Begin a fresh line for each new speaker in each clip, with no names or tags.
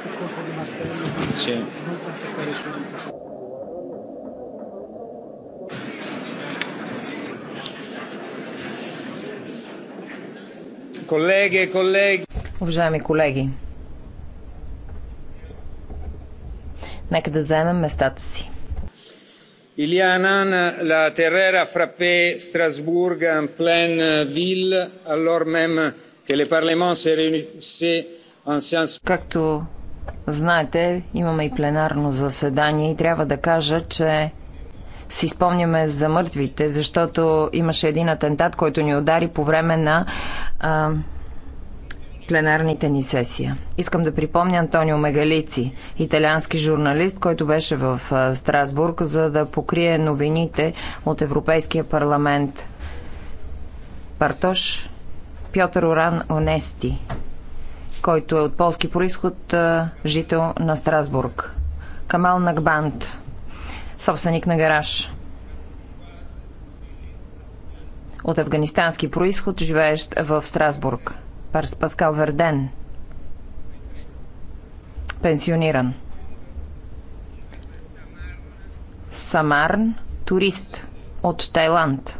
Sì.
Колеги, колеги. Уважаеми колеги, нека да заемем местата си.
Илия Анан, la Terrera frappée Strasbourg en pleine
ville, alors même que le Parlement se réunissait en science. Както Знаете, имаме и пленарно заседание и трябва да кажа, че си спомняме за мъртвите, защото имаше един атентат, който ни удари по време на а, пленарните ни сесия. Искам да припомня Антонио Мегалици, италиански журналист, който беше в Страсбург, за да покрие новините от Европейския парламент. Партош Пьотър Оран Онести, който е от полски происход, жител на Страсбург. Камал Нагбант, собственик на гараж. От афганистански происход, живеещ в Страсбург. Паскал Верден, пенсиониран. Самарн, турист от Тайланд.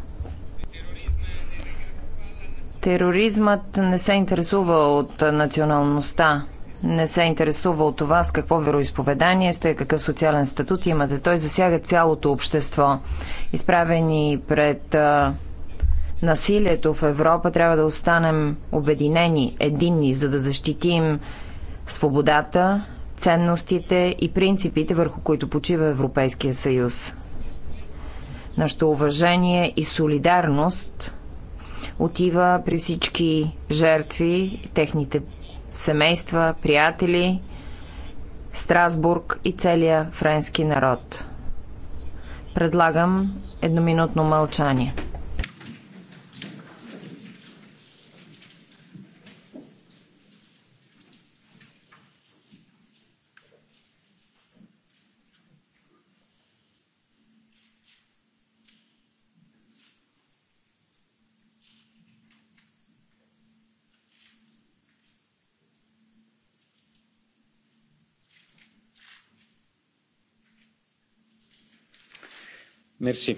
Тероризмът не се интересува от националността, не се интересува от това с какво вероисповедание сте, какъв социален статут имате. Той засяга цялото общество. Изправени пред а, насилието в Европа, трябва да останем обединени, единни, за да защитим свободата, ценностите и принципите, върху които почива Европейския съюз. Нашето уважение и солидарност – отива при всички жертви, техните семейства, приятели, Страсбург и целия френски народ. Предлагам едноминутно мълчание. Мерси.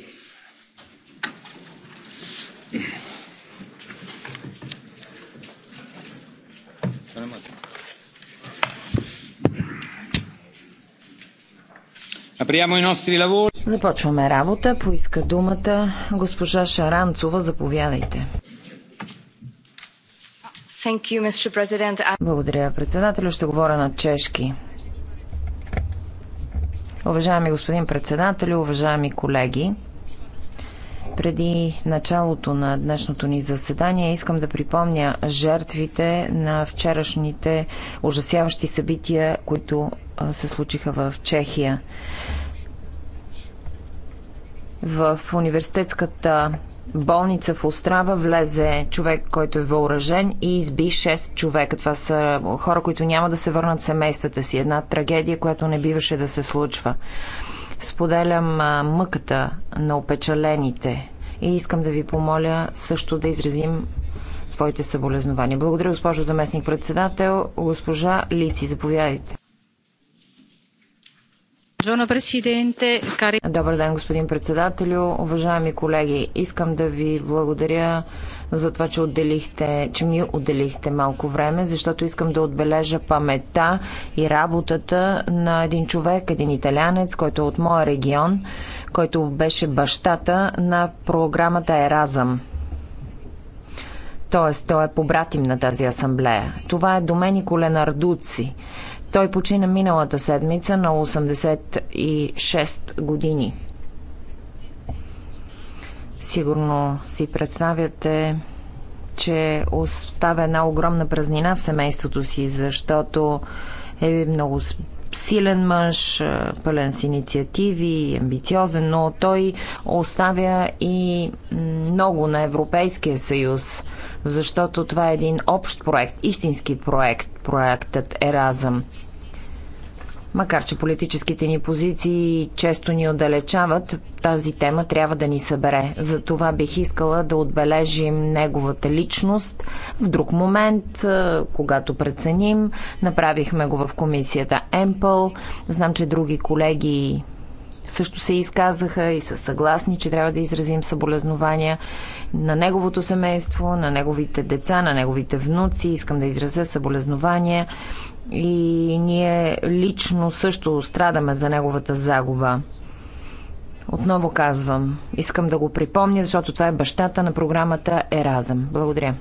Започваме работа. Поиска думата госпожа Шаранцова. Заповядайте. Благодаря, председателю. Ще говоря на чешки. Уважаеми господин председател, уважаеми колеги, преди началото на днешното ни заседание искам да припомня жертвите на вчерашните ужасяващи събития, които се случиха в Чехия. В университетската болница в Острава влезе човек, който е въоръжен и изби 6 човека. Това са хора, които няма да се върнат в семействата си. Една трагедия, която не биваше да се случва. Споделям мъката на опечалените и искам да ви помоля също да изразим своите съболезнования. Благодаря, госпожо заместник-председател. Госпожа Лици, заповядайте. Добър ден, господин председателю. Уважаеми колеги, искам да ви благодаря за това, че, отделихте, че ми отделихте малко време, защото искам да отбележа памета и работата на един човек, един италянец, който е от моя регион, който беше бащата на програмата Еразъм т.е. той е побратим на тази асамблея. Това е Доменико Ленардуци. Той почина миналата седмица на 86 години. Сигурно си представяте, че оставя една огромна празнина в семейството си, защото е много силен мъж, пълен с инициативи, амбициозен, но той оставя и много на Европейския съюз, защото това е един общ проект, истински проект, проектът Еразъм. Макар, че политическите ни позиции често ни отдалечават, тази тема трябва да ни събере. За това бих искала да отбележим неговата личност. В друг момент, когато преценим, направихме го в комисията Емпъл. Знам, че други колеги също се изказаха и са съгласни, че трябва да изразим съболезнования на неговото семейство, на неговите деца, на неговите внуци. Искам да изразя съболезнования и ние лично също страдаме за неговата загуба. Отново казвам, искам да го припомня, защото това е бащата на програмата Еразъм. Благодаря.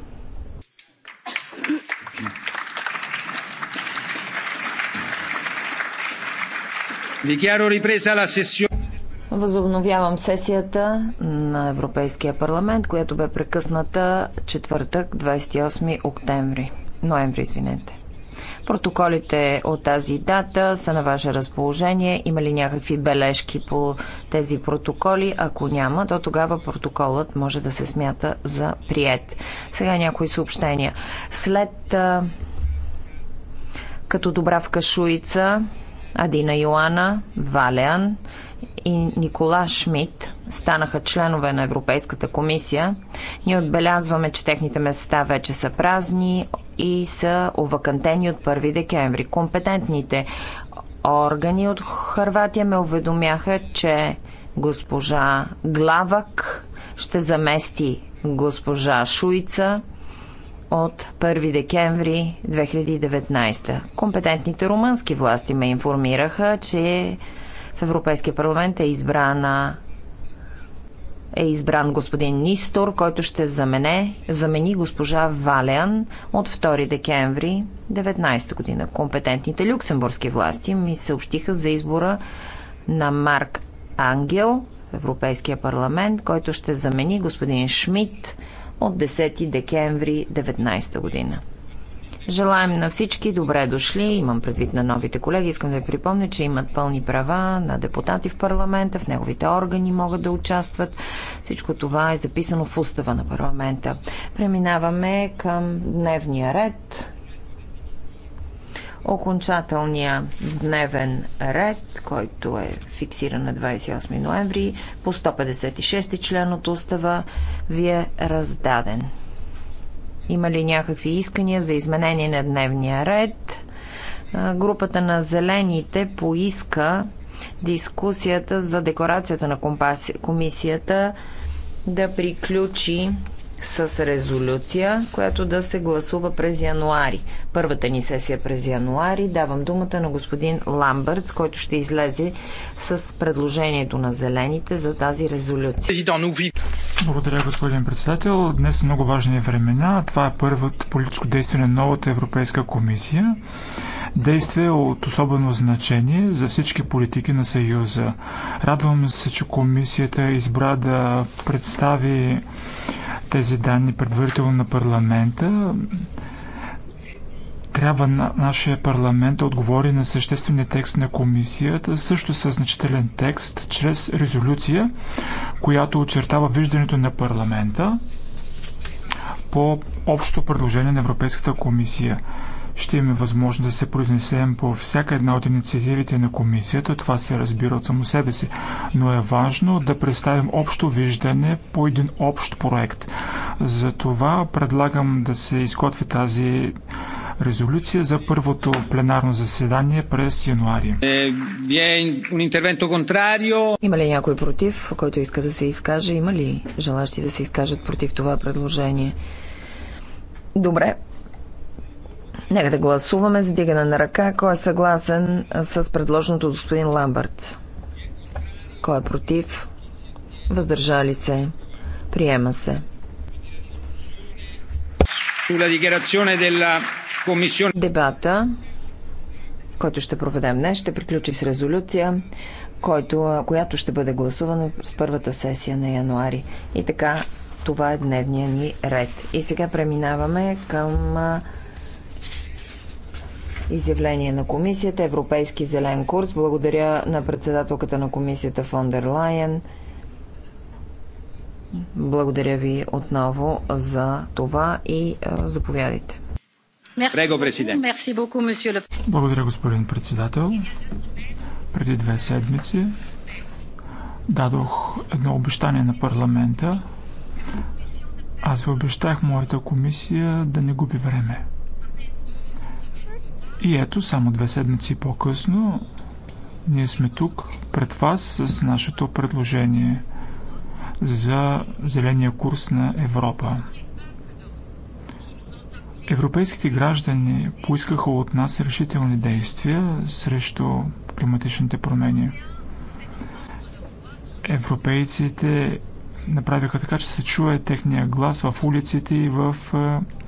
Възобновявам сесията на Европейския парламент, която бе прекъсната четвъртък, 28 октември. Ноември, извинете. Протоколите от тази дата са на ваше разположение. Има ли някакви бележки по тези протоколи? Ако няма, то тогава протоколът може да се смята за прият. Сега някои съобщения. След като Добравка Шуица, Адина Йоана, Валеан и Никола Шмидт станаха членове на Европейската комисия, ние отбелязваме, че техните места вече са празни и са овакантени от 1 декември. Компетентните органи от Харватия ме уведомяха, че госпожа Главак ще замести госпожа Шуица от 1 декември 2019. Компетентните румънски власти ме информираха, че в Европейския парламент е избрана е избран господин Нистор, който ще замене, замени госпожа Валеан от 2 декември 19 година. Компетентните люксембургски власти ми съобщиха за избора на Марк Ангел в Европейския парламент, който ще замени господин Шмидт от 10 декември 19 година. Желаем на всички добре дошли. Имам предвид на новите колеги. Искам да ви припомня, че имат пълни права на депутати в парламента, в неговите органи могат да участват. Всичко това е записано в устава на парламента. Преминаваме към дневния ред окончателния дневен ред, който е фиксиран на 28 ноември по 156 член от устава, ви е раздаден. Има ли някакви искания за изменение на дневния ред? Групата на зелените поиска дискусията за декларацията на комисията да приключи с резолюция, която да се гласува през януари. Първата ни сесия през януари. Давам думата на господин Ламбъртс, който ще излезе с предложението на зелените за тази резолюция.
Благодаря, господин председател. Днес са много важни времена. Това е първото политическо действие на новата Европейска комисия. Действие от особено значение за всички политики на Съюза. Радвам се, че комисията избра да представи тези данни предварително на парламента. Трябва на нашия парламент да отговори на съществения текст на комисията, също със значителен текст, чрез резолюция, която очертава виждането на парламента по общото предложение на Европейската комисия. Ще имаме възможност да се произнесем по всяка една от инициативите на комисията, това се разбира от само себе си, но е важно да представим общо виждане по един общ проект. Затова предлагам да се изготви тази резолюция за първото пленарно заседание през януари.
Е, Има ли някой против, който иска да се изкаже? Има ли желащи да се изкажат против това предложение? Добре, Нека да гласуваме с дигане на ръка. Кой е съгласен с предложеното от господин Ламбърт? Кой е против? Въздържали се? Приема се. Дебата, който ще проведем днес, ще приключи с резолюция, който, която ще бъде гласувана с първата сесия на януари. И така, това е дневния ни ред. И сега преминаваме към изявление на комисията Европейски зелен курс. Благодаря на председателката на комисията Фондер Лайен. Благодаря ви отново за това и е, заповядайте.
Благодаря,
господин председател. Преди две седмици дадох едно обещание на парламента. Аз ви обещах моята комисия да не губи време. И ето, само две седмици по-късно, ние сме тук пред вас с нашето предложение за зеления курс на Европа. Европейските граждани поискаха от нас решителни действия срещу климатичните промени. Европейците направиха така, че се чуе техния глас в улиците и в е,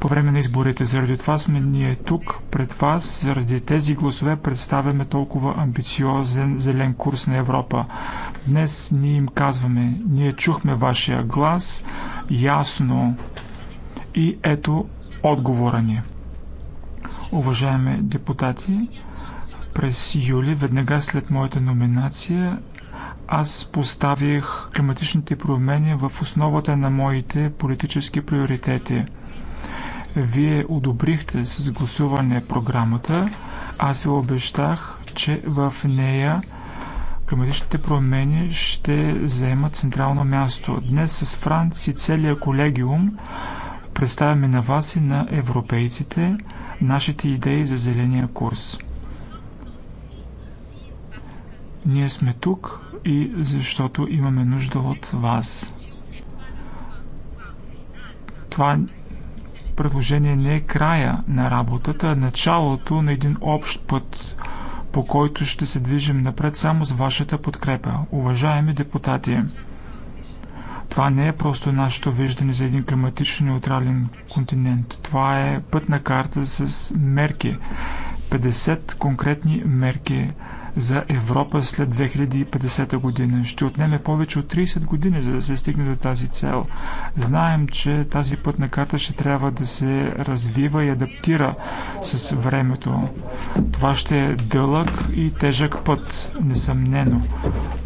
по време на изборите. Заради това сме ние тук, пред вас, заради тези гласове представяме толкова амбициозен зелен курс на Европа. Днес ние им казваме, ние чухме вашия глас ясно и ето отговора ни. Уважаеми депутати, през юли, веднага след моята номинация, аз поставих климатичните промени в основата на моите политически приоритети – вие одобрихте с гласуване програмата. Аз ви обещах, че в нея климатичните промени ще заемат централно място. Днес с Франц и целият колегиум представяме на вас и на европейците нашите идеи за зеления курс. Ние сме тук и защото имаме нужда от вас. Това предложение не е края на работата, а началото на един общ път, по който ще се движим напред само с вашата подкрепа. Уважаеми депутати, това не е просто нашето виждане за един климатично неутрален континент. Това е пътна карта с мерки. 50 конкретни мерки за Европа след 2050 година. Ще отнеме повече от 30 години, за да се стигне до тази цел. Знаем, че тази пътна карта ще трябва да се развива и адаптира с времето. Това ще е дълъг и тежък път, несъмнено.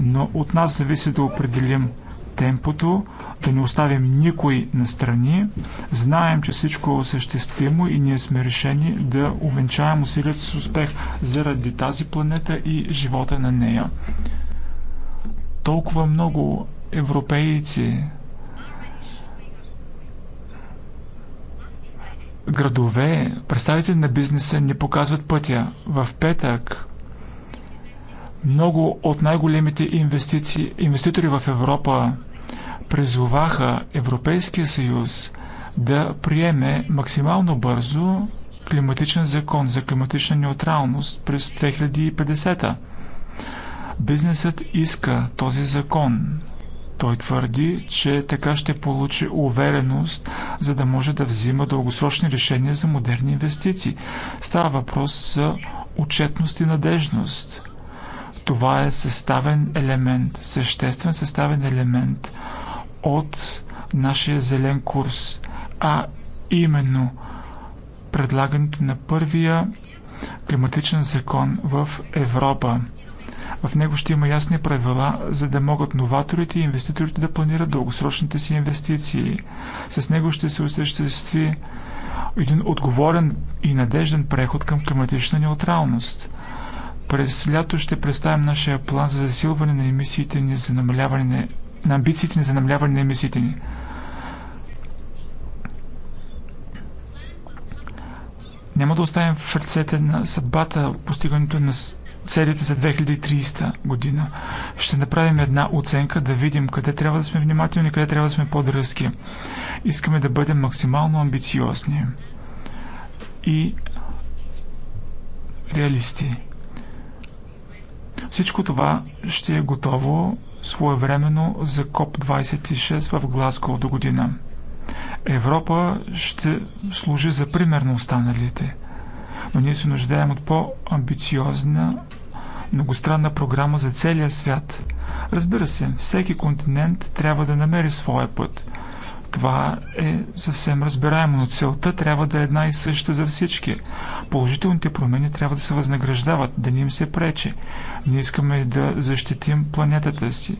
Но от нас зависи да определим темпото, да не оставим никой настрани. Знаем, че всичко е осъществимо и ние сме решени да увенчаем усилията с успех заради тази планета и живота на нея. Толкова много европейци градове, представители на бизнеса ни показват пътя. В петък много от най-големите инвеститори в Европа призоваха Европейския съюз да приеме максимално бързо климатичен закон за климатична неутралност през 2050. Бизнесът иска този закон. Той твърди, че така ще получи увереност, за да може да взима дългосрочни решения за модерни инвестиции. Става въпрос за отчетност и надежност – това е съставен елемент, съществен съставен елемент от нашия зелен курс, а именно предлагането на първия климатичен закон в Европа. В него ще има ясни правила, за да могат новаторите и инвеститорите да планират дългосрочните си инвестиции. С него ще се осъществи един отговорен и надежден преход към климатична неутралност. През лято ще представим нашия план за засилване на емисиите ни, за намаляване на, на амбициите ни за намаляване на емисиите ни. Няма да оставим в ръцете на съдбата постигането на целите за 2300 година. Ще направим една оценка да видим къде трябва да сме внимателни, къде трябва да сме по-дръзки. Искаме да бъдем максимално амбициозни и реалисти. Всичко това ще е готово своевременно за КОП-26 в Глазго до година. Европа ще служи за пример на останалите, но ние се нуждаем от по-амбициозна многостранна програма за целия свят. Разбира се, всеки континент трябва да намери своя път – това е съвсем разбираемо, но целта трябва да е една и съща за всички. Положителните промени трябва да се възнаграждават, да не им се пречи. Ние искаме да защитим планетата си.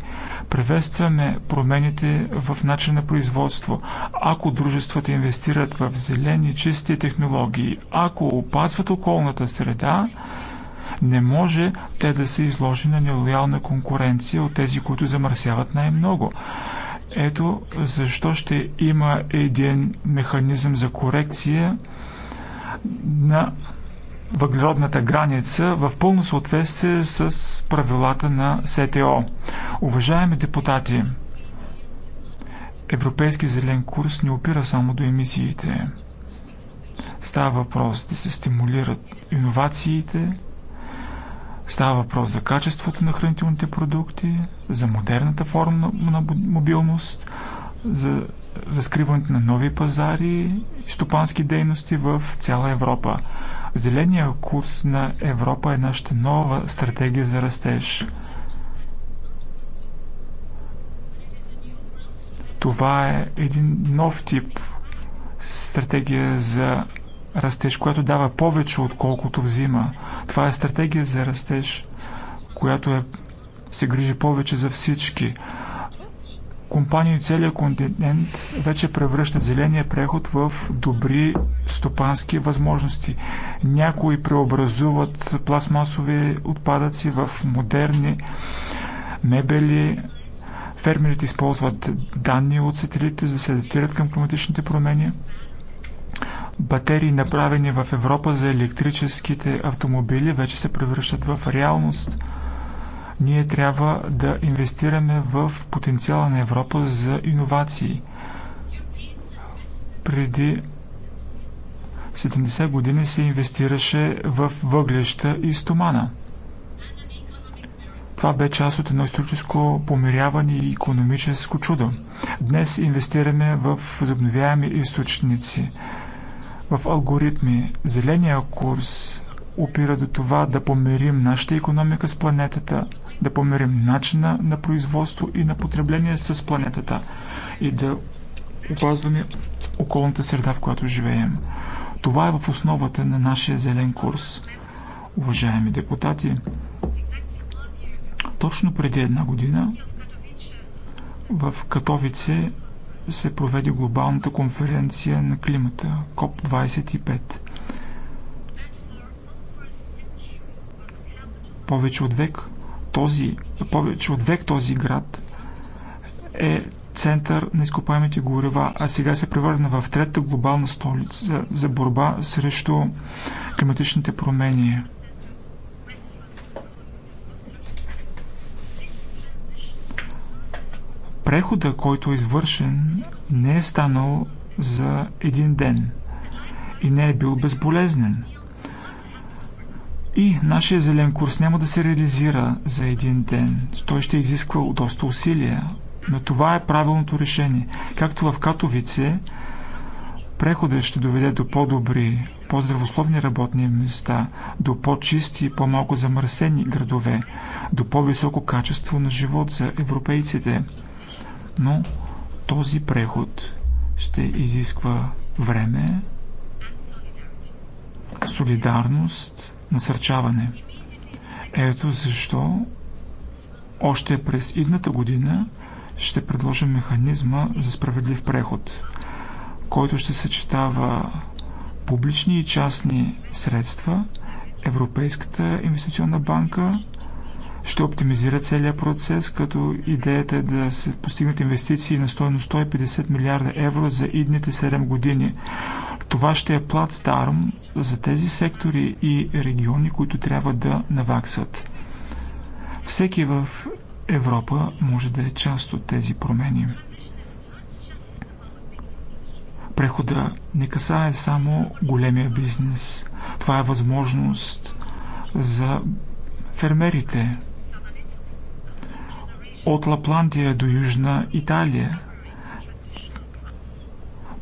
Приветстваме промените в начин на производство. Ако дружествата инвестират в зелени, чисти технологии, ако опазват околната среда, не може те да се изложи на нелоялна конкуренция от тези, които замърсяват най-много. Ето защо ще има един механизъм за корекция на въглеродната граница в пълно съответствие с правилата на СТО. Уважаеми депутати, Европейски зелен курс не опира само до емисиите. Става въпрос да се стимулират иновациите, Става въпрос за качеството на хранителните продукти, за модерната форма на мобилност, за разкриването на нови пазари и стопански дейности в цяла Европа. Зеления курс на Европа е нашата нова стратегия за растеж. Това е един нов тип стратегия за растеж, която дава повече, отколкото взима. Това е стратегия за растеж, която е, се грижи повече за всички. Компании от целия континент вече превръщат зеления преход в добри стопански възможности. Някои преобразуват пластмасови отпадъци в модерни мебели, Фермерите използват данни от сателитите, за да се адаптират към климатичните промени батерии, направени в Европа за електрическите автомобили, вече се превръщат в реалност. Ние трябва да инвестираме в потенциала на Европа за иновации. Преди 70 години се инвестираше в въглеща и стомана. Това бе част от едно историческо помиряване и економическо чудо. Днес инвестираме в възобновяеми източници – в алгоритми. Зеления курс опира до това да помирим нашата економика с планетата, да помирим начина на производство и на потребление с планетата и да опазваме околната среда, в която живеем. Това е в основата на нашия зелен курс. Уважаеми депутати, точно преди една година в Катовице се проведе глобалната конференция на климата КОП-25. Повече от век този, повече от век този град е център на изкопаемите горива, а сега се превърна в трета глобална столица за борба срещу климатичните промени. Преходът, който е извършен, не е станал за един ден и не е бил безболезнен. И нашия зелен курс няма да се реализира за един ден. Той ще изисква доста усилия. Но това е правилното решение. Както в Катовице, преходът ще доведе до по-добри, по-здравословни работни места, до по-чисти и по-малко замърсени градове, до по-високо качество на живот за европейците – но този преход ще изисква време, солидарност, насърчаване. Ето защо още през идната година ще предложим механизма за справедлив преход, който ще съчетава публични и частни средства, Европейската инвестиционна банка ще оптимизира целият процес, като идеята е да се постигнат инвестиции на стоеност 150 милиарда евро за идните 7 години. Това ще е плацдарм за тези сектори и региони, които трябва да наваксат. Всеки в Европа може да е част от тези промени. Прехода не касае само големия бизнес. Това е възможност за фермерите, от Лапландия до Южна Италия.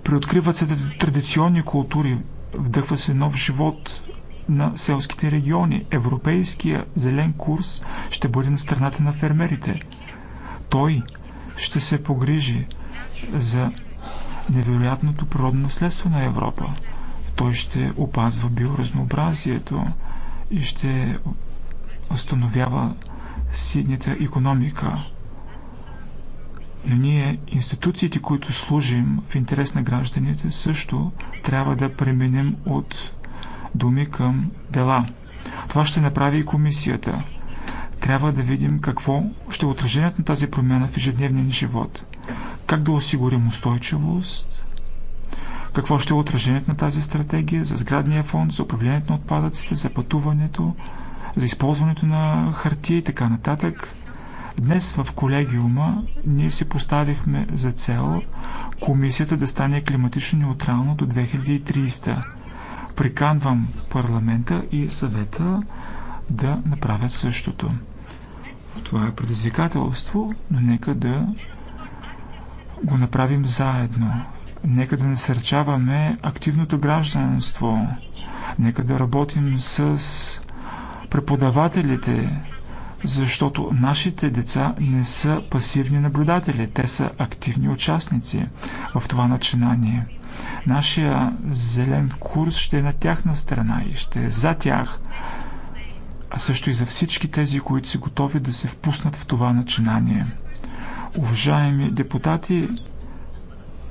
Приоткриват се традиционни култури, вдъхва се нов живот на селските региони. Европейския зелен курс ще бъде на страната на фермерите. Той ще се погрижи за невероятното природно наследство на Европа. Той ще опазва биоразнообразието и ще установява синята економика. Но ние, институциите, които служим в интерес на гражданите, също трябва да преминем от думи към дела. Това ще направи и комисията. Трябва да видим какво ще е отражението на тази промяна в ежедневния ни живот. Как да осигурим устойчивост, какво ще е отражението на тази стратегия за сградния фонд, за управлението на отпадъците, за пътуването, за използването на хартия и така нататък. Днес в колегиума ние си поставихме за цел комисията да стане климатично неутрална до 2030. Приканвам парламента и съвета да направят същото. Това е предизвикателство, но нека да го направим заедно. Нека да насърчаваме активното гражданство. Нека да работим с преподавателите, защото нашите деца не са пасивни наблюдатели, те са активни участници в това начинание. Нашия зелен курс ще е на тяхна страна и ще е за тях, а също и за всички тези, които са готови да се впуснат в това начинание. Уважаеми депутати,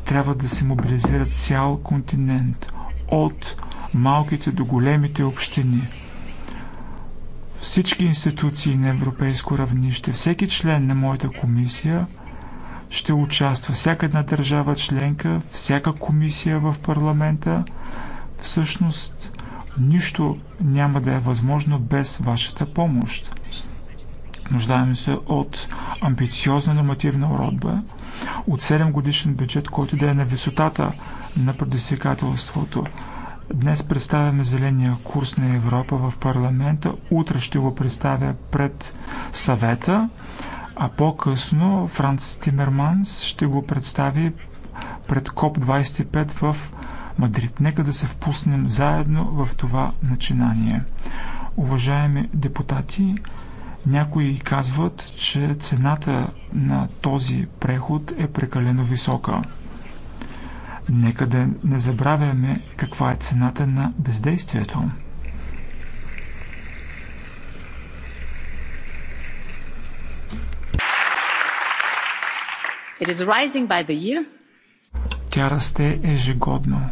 трябва да се мобилизира цял континент от малките до големите общини – всички институции на европейско равнище, всеки член на моята комисия ще участва, всяка една държава членка, всяка комисия в парламента. Всъщност, нищо няма да е възможно без вашата помощ. Нуждаем се от амбициозна нормативна уредба, от 7 годишен бюджет, който да е на висотата на предизвикателството – Днес представяме зеления курс на Европа в парламента. Утре ще го представя пред съвета, а по-късно Франц Тимерманс ще го представи пред КОП-25 в Мадрид. Нека да се впуснем заедно в това начинание. Уважаеми депутати, някои казват, че цената на този преход е прекалено висока. Нека да не забравяме каква е цената на бездействието.
It is rising by the year.
Тя расте ежегодно.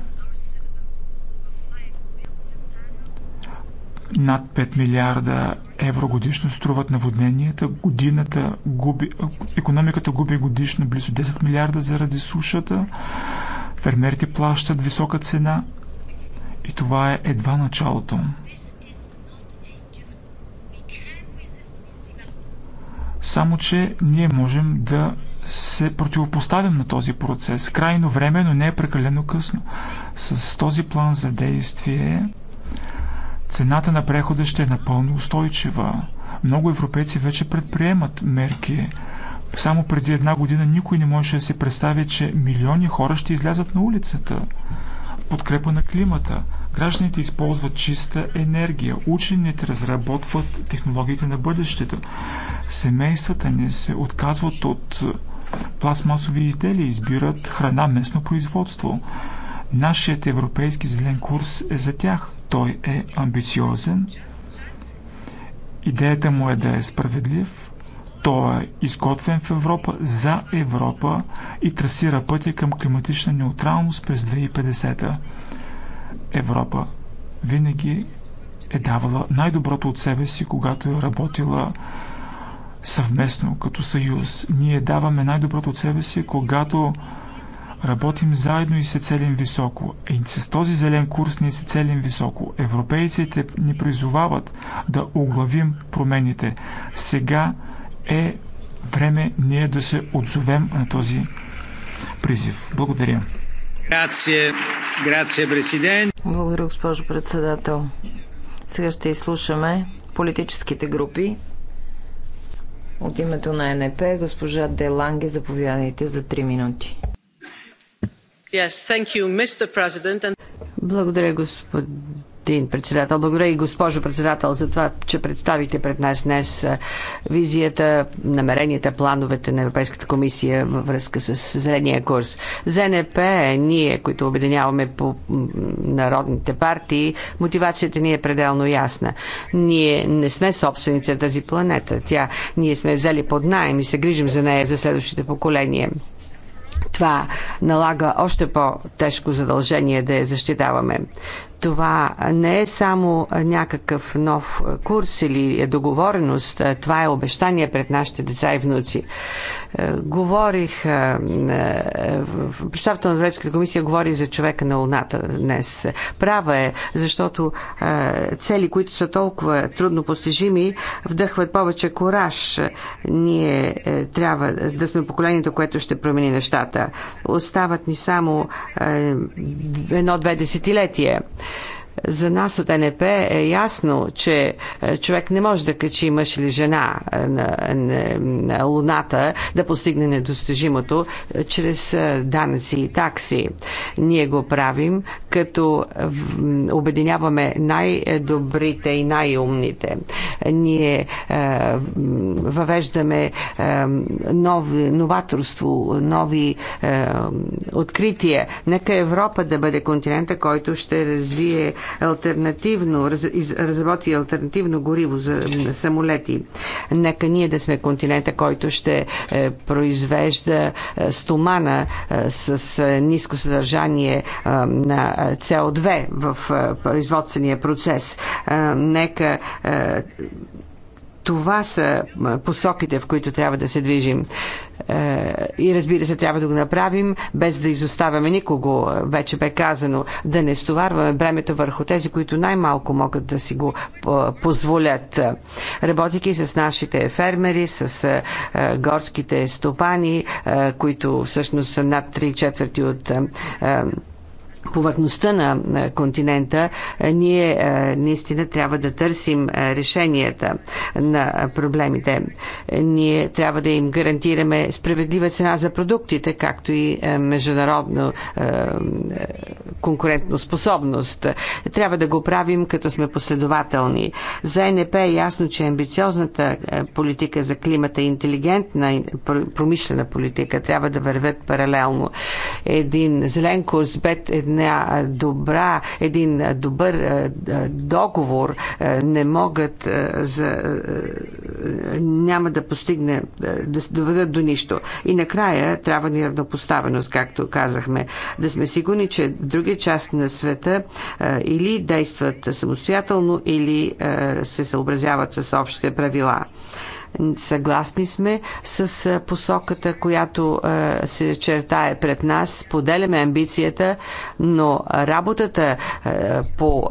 Над 5 милиарда евро годишно струват наводненията. Годината губи, е, економиката губи годишно близо 10 милиарда заради сушата. Фермерите плащат висока цена и това е едва началото. Само, че ние можем да се противопоставим на този процес. Крайно време, но не е прекалено късно. С този план за действие цената на прехода ще е напълно устойчива. Много европейци вече предприемат мерки само преди една година никой не можеше да си представи, че милиони хора ще излязат на улицата. В подкрепа на климата. Гражданите използват чиста енергия. Учените разработват технологиите на бъдещето. Семействата ни се отказват от пластмасови изделия, избират храна местно производство. Нашият европейски зелен курс е за тях. Той е амбициозен. Идеята му е да е справедлив, той е изготвен в Европа, за Европа и трасира пътя към климатична неутралност през 2050. та Европа винаги е давала най-доброто от себе си, когато е работила съвместно като съюз. Ние даваме най-доброто от себе си, когато работим заедно и се целим високо. И с този зелен курс ние се целим високо. Европейците ни призовават да оглавим промените. Сега е време ние да се отзовем на този призив. Благодаря. Благодаря, госпожо председател. Сега ще
изслушаме политическите групи. От името на НП, госпожа Деланге, заповядайте за 3 минути.
Yes,
you, And... Благодаря, господин господин председател. Благодаря и госпожо председател за това, че представите пред нас днес визията, намеренията, плановете на Европейската комисия във връзка с зеления курс. ЗНП, ние, които обединяваме по народните партии, мотивацията ни е пределно ясна. Ние не сме собственици на тази планета. Тя ние сме взели под найем и се грижим за нея за следващите поколения. Това налага още по-тежко задължение да я защитаваме. Това не е само някакъв нов курс или договореност, това е обещание пред нашите деца и внуци. Е, говорих, е, представата на Европейската комисия говори за човека на Луната днес. Права е, защото е, цели, които са толкова трудно постижими, вдъхват повече кораж. Ние трябва да сме поколението, което ще промени нещата. Остават ни само едно-две десетилетия. За нас от НП е ясно, че е, човек не може да качи мъж или жена е, на, на, на Луната, да постигне недостижимото е, чрез данъци и такси. Ние го правим, като обединяваме най-добрите и най-умните. Ние е, въвеждаме е, нови, новаторство, нови е, открития. Нека Европа да бъде континента, който ще развие альтернативно, раз, разработи альтернативно гориво за самолети. Нека ние да сме континента, който ще е, произвежда е, стомана е, с ниско съдържание на CO2 в производствения процес. Нека това са посоките, в които трябва да се движим. Е, и разбира се, трябва да го направим, без да изоставяме никого, е, вече бе казано, да не стоварваме бремето върху тези, които най-малко могат да си го е, позволят. Работики с нашите фермери, с горските стопани, които всъщност са над 3 четвърти от повърхността на континента, ние наистина трябва да търсим решенията на проблемите. Ние трябва да им гарантираме справедлива цена за продуктите, както и международно конкурентно способност. Трябва да го правим, като сме последователни. За НП е ясно, че амбициозната политика за климата и интелигентна промишлена политика трябва да вървят паралелно. Един зелен курс бед една добра, един добър е, е, договор е, не могат за, няма да постигне, да се доведат до нищо. И накрая трябва ни равнопоставеност, както казахме. Да сме сигурни, че в други части на света или действат самостоятелно, или се съобразяват с общите правила. Съгласни сме с посоката, която се чертае пред нас. Поделяме амбицията, но работата, по,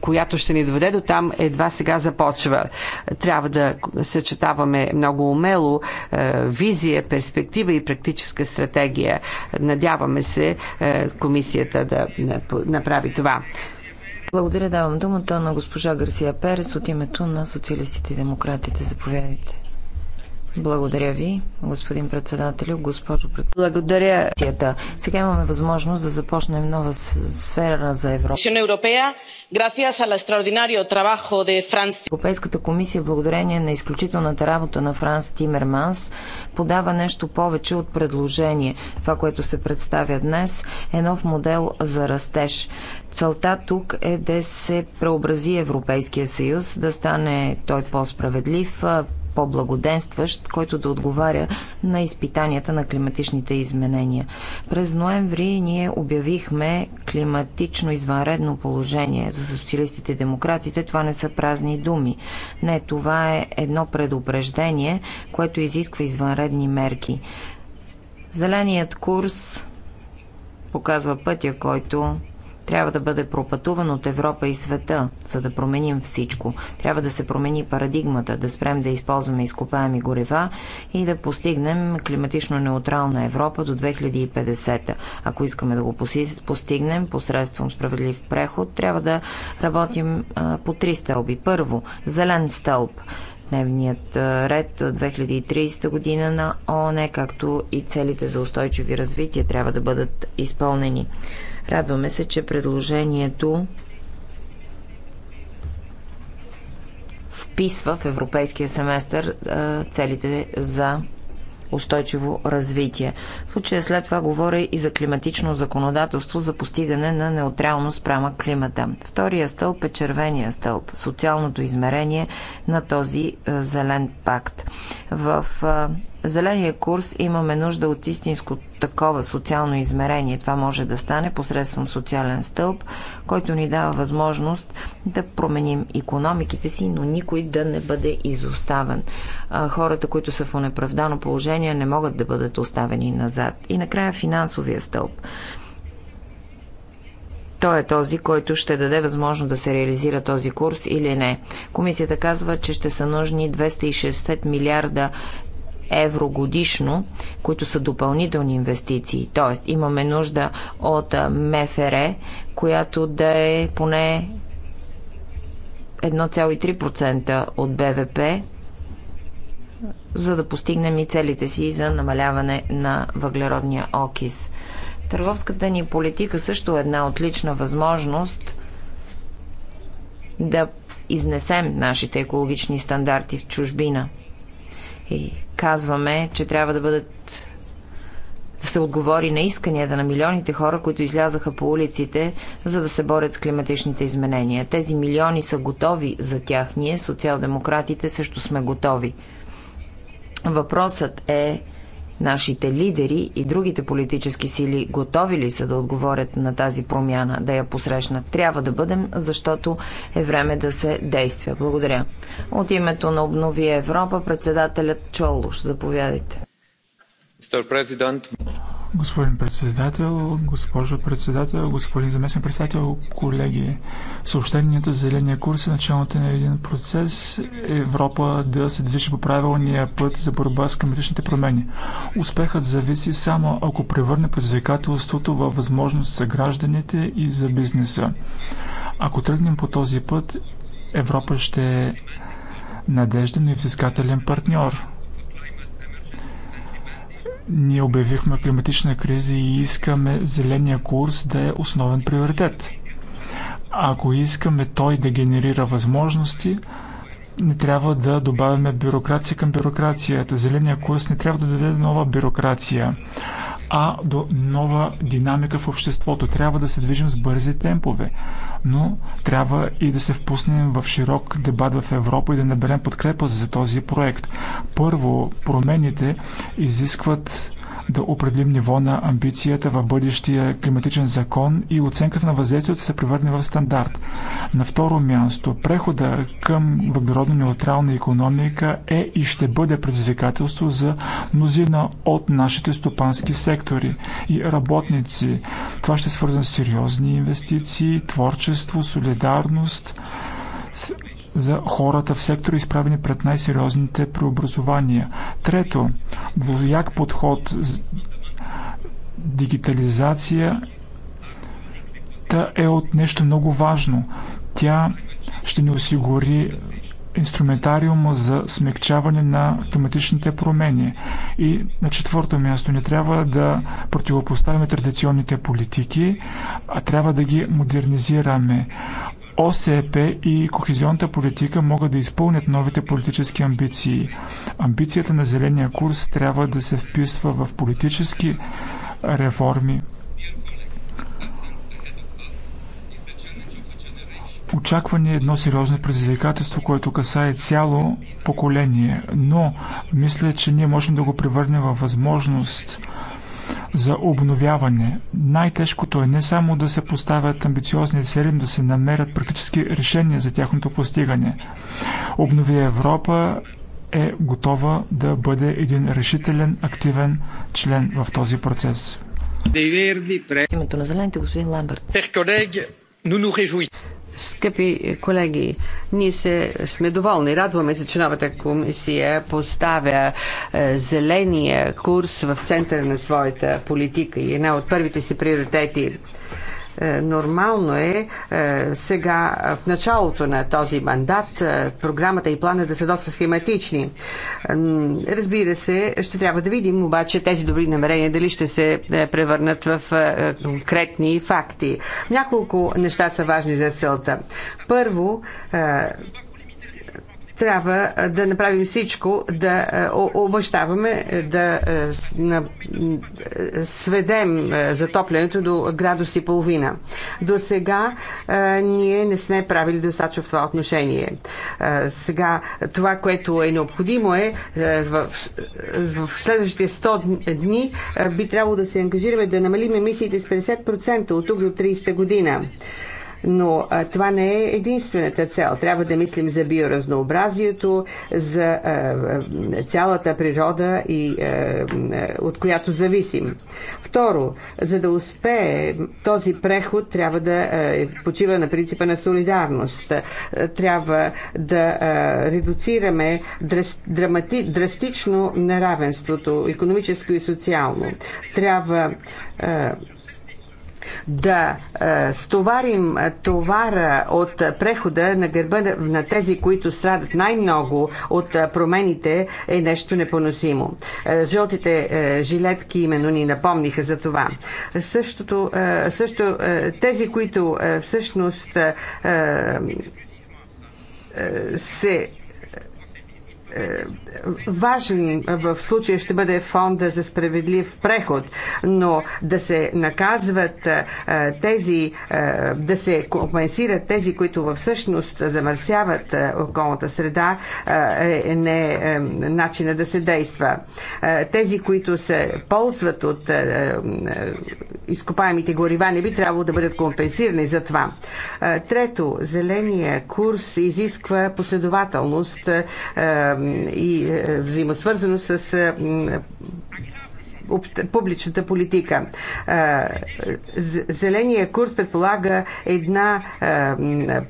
която ще ни доведе до там, едва сега започва. Трябва да съчетаваме много умело визия, перспектива и практическа стратегия. Надяваме се комисията да направи това.
Благодаря, давам думата на госпожа Гарсия Перес от името на социалистите и демократите. Заповядайте. Благодаря ви, господин председател, госпожо председател. Благодаря. Сега имаме възможност да започнем нова сфера за Европа. Европейската комисия, благодарение на изключителната работа на Франс Тимерманс, подава нещо повече от предложение. Това, което се представя днес, е нов модел за растеж. Целта тук е да се преобрази Европейския съюз, да стане той по-справедлив, по-благоденстващ, който да отговаря на изпитанията на климатичните изменения. През ноември ние обявихме климатично извънредно положение за социалистите и демократите. Това не са празни думи. Не, това е едно предупреждение, което изисква извънредни мерки. Зеленият курс показва пътя, който трябва да бъде пропътуван от Европа и света, за да променим всичко. Трябва да се промени парадигмата, да спрем да използваме изкопаеми горева и да постигнем климатично неутрална Европа до 2050. Ако искаме да го постигнем посредством справедлив преход, трябва да работим по три стълби. Първо, зелен стълб дневният ред 2030 година на ООН, както и целите за устойчиви развитие трябва да бъдат изпълнени. Радваме се, че предложението вписва в европейския семестър целите за устойчиво развитие. В случая след това говоря и за климатично законодателство за постигане на неутралност прямо климата. Втория стълб е червения стълб, социалното измерение на този зелен пакт. В зеления курс имаме нужда от истинско такова социално измерение. Това може да стане посредством социален стълб, който ни дава възможност да променим економиките си, но никой да не бъде изоставен. Хората, които са в унеправдано положение, не могат да бъдат оставени назад. И накрая финансовия стълб. Той е този, който ще даде възможно да се реализира този курс или не. Комисията казва, че ще са нужни 260 милиарда евро годишно, които са допълнителни инвестиции. Тоест, имаме нужда от МФР, която да е поне 1,3% от БВП, за да постигнем и целите си за намаляване на въглеродния окис. Търговската ни политика също е една отлична възможност да изнесем нашите екологични стандарти в чужбина. И казваме, че трябва да бъдат да се отговори на исканията на милионите хора, които излязаха по улиците, за да се борят с климатичните изменения. Тези милиони са готови за тях. Ние, социал-демократите, също сме готови. Въпросът е Нашите лидери и другите политически сили готови ли са да отговорят на тази промяна, да я посрещнат? Трябва да бъдем, защото е време да се действа. Благодаря. От името на Обнови Европа, председателят Чолуш, заповядайте.
Господин председател, госпожо председател, господин заместник председател, колеги, съобщението за зеления курс е началото на един процес Европа да се движи по правилния път за борба с климатичните промени. Успехът зависи само ако превърне предизвикателството във възможност за гражданите и за бизнеса. Ако тръгнем по този път, Европа ще е надежден и взискателен партньор – ние обявихме климатична криза и искаме зеления курс да е основен приоритет. Ако искаме той да генерира възможности, не трябва да добавяме бюрокрация към бюрокрацията. Зеления курс не трябва да даде нова бюрокрация, а до нова динамика в обществото. Трябва да се движим с бързи темпове, но трябва и да се впуснем в широк дебат в Европа и да наберем подкрепа за този проект. Първо, промените изискват да определим ниво на амбицията в бъдещия климатичен закон и оценката на въздействието се превърне в стандарт. На второ място, прехода към въглеродно неутрална економика е и ще бъде предизвикателство за мнозина от нашите стопански сектори и работници. Това ще е свързва с сериозни инвестиции, творчество, солидарност, за хората в сектора, изправени пред най-сериозните преобразования. Трето, двояк подход дигитализация е от нещо много важно. Тя ще ни осигури инструментариум за смягчаване на климатичните промени. И на четвърто място не трябва да противопоставяме традиционните политики, а трябва да ги модернизираме. ОСП и кохезионната политика могат да изпълнят новите политически амбиции. Амбицията на зеления курс трябва да се вписва в политически реформи. Очакване е едно сериозно предизвикателство, което касае цяло поколение, но мисля, че ние можем да го превърнем във възможност – за обновяване. Най-тежкото е не само да се поставят амбициозни цели, но да се намерят практически решения за тяхното постигане. Обнови Европа е готова да бъде един решителен, активен член в този процес.
Името на зелените
господин Ламберт.
Скъпи колеги, ние
се, сме доволни, радваме се, че новата комисия поставя е, зеления курс в центъра на своята политика и е една от първите си приоритети е, нормално е, е сега е, в началото на този мандат програмата и плана да са доста схематични. Разбира се, ще трябва да видим обаче тези добри намерения дали ще се превърнат в конкретни факти. Няколко неща са важни за целта. Първо, трябва да направим всичко, да обещаваме, е, да е, е, сведем затоплянето до градус и половина. До сега ние не сме правили достатъчно в това отношение. Сега това, което е необходимо е в, в следващите 100 дни би трябвало да се ангажираме да намалим емисиите с 50% от тук до 30 година. Но а, това не е единствената цел. Трябва да мислим за биоразнообразието, за а, цялата природа, и, а, от която зависим. Второ, за да успее този преход, трябва да а, почива на принципа на солидарност. Трябва да а, редуцираме драмати, драстично неравенството, економическо и социално. Трябва а, да е, стоварим е, товара от прехода на гърба на тези, които страдат най-много от е, промените, е нещо непоносимо. Жълтите жилетки именно ни напомниха за това. Същото, също тези, които всъщност се е, важен в случая ще бъде фонда за справедлив преход, но да се наказват е, тези, е, да се компенсират тези, които във всъщност замърсяват околната среда, е не е начина да се действа. Тези, които се ползват от изкопаемите горива, не би трябвало да бъдат компенсирани за това. Трето, зеления курс изисква последователност и е, взаимосвързано с е, публичната политика. Е, зеления курс предполага една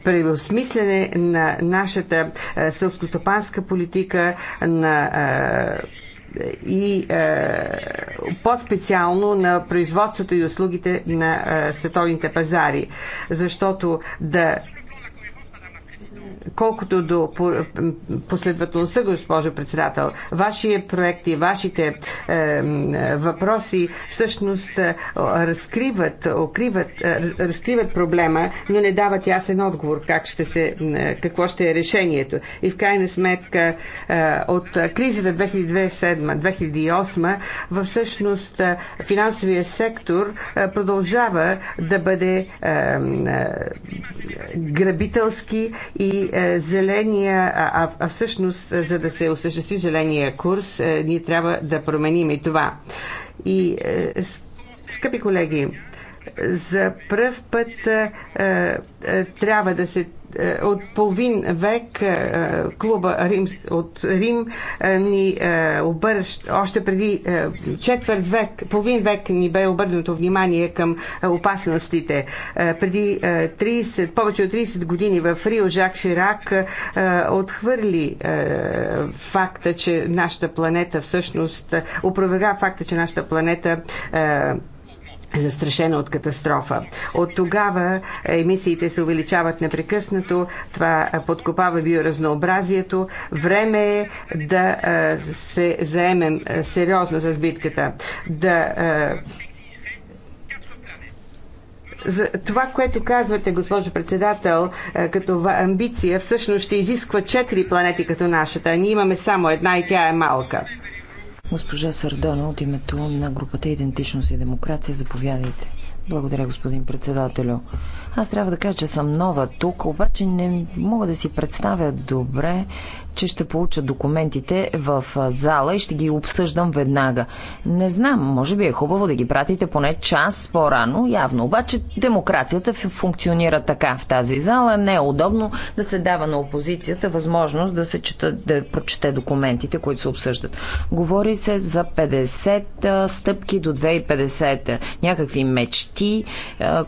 преосмислене на нашата сълскостопанска политика на и по-специално на производството и услугите на световните пазари. Защото да Колкото до последователността, госпожо председател, вашия проект и вашите е, въпроси всъщност е, разкриват, укриват, е, разкриват проблема, но не дават ясен отговор как ще се, е, какво ще е решението. И в крайна сметка от кризата 2007-2008 във всъщност финансовия сектор продължава да бъде грабителски и е, зеления, а, а всъщност е, за да се осъществи зеления курс, е, ние трябва да променим и това. И, скъпи колеги, за пръв път трябва да се е, от половин век е, клуба Рим, от Рим е, ни обърш, още преди четвърт век, половин век ни бе обърнато внимание към опасностите. Преди 30, повече от 30 години в Рио Жак Ширак отхвърли факта, че нашата планета всъщност опроверга факта, че нашата планета застрашена от катастрофа. От тогава е, емисиите се увеличават непрекъснато, това е, подкопава биоразнообразието. Време е да е, се заемем сериозно с битката, да за това, което казвате, госпожо председател, като амбиция, всъщност ще изисква четири планети като нашата. Ние имаме само една и тя е малка. Госпожа
Сардона от името на групата Идентичност и демокрация, заповядайте. Благодаря, господин председателю. Аз трябва да кажа, че съм нова тук, обаче не мога да си представя добре че ще получа документите в зала и ще ги обсъждам веднага. Не знам, може би е хубаво да ги пратите поне час по-рано, явно. Обаче демокрацията функционира така в тази зала. Не е удобно да се дава на опозицията възможност да се чета, да прочете документите, които се обсъждат. Говори се за 50 стъпки до 2050. Някакви мечти,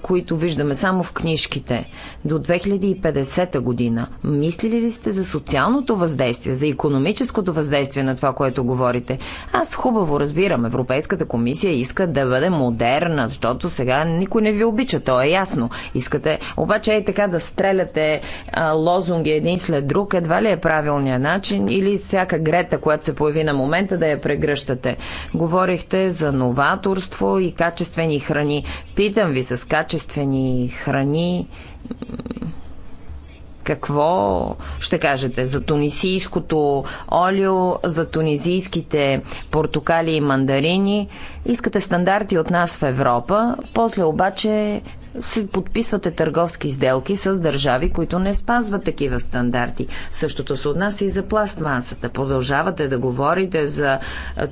които виждаме само в книжките. До 2050 година. Мислили ли сте за социалното въздействие въздействие, за економическото въздействие на това, което говорите. Аз хубаво разбирам, Европейската комисия иска да бъде модерна, защото сега никой не ви обича, то е ясно. Искате, обаче е така да стреляте а, лозунги един след друг, едва ли е правилният начин или всяка грета, която се появи на момента, да я прегръщате. Говорихте за новаторство и качествени храни. Питам ви с качествени храни какво ще кажете за тунисийското олио, за тунизийските портокали и мандарини? Искате стандарти от нас в Европа, после обаче се подписвате търговски сделки с държави, които не спазват такива стандарти. Същото се отнася и за пластмасата. Продължавате да говорите за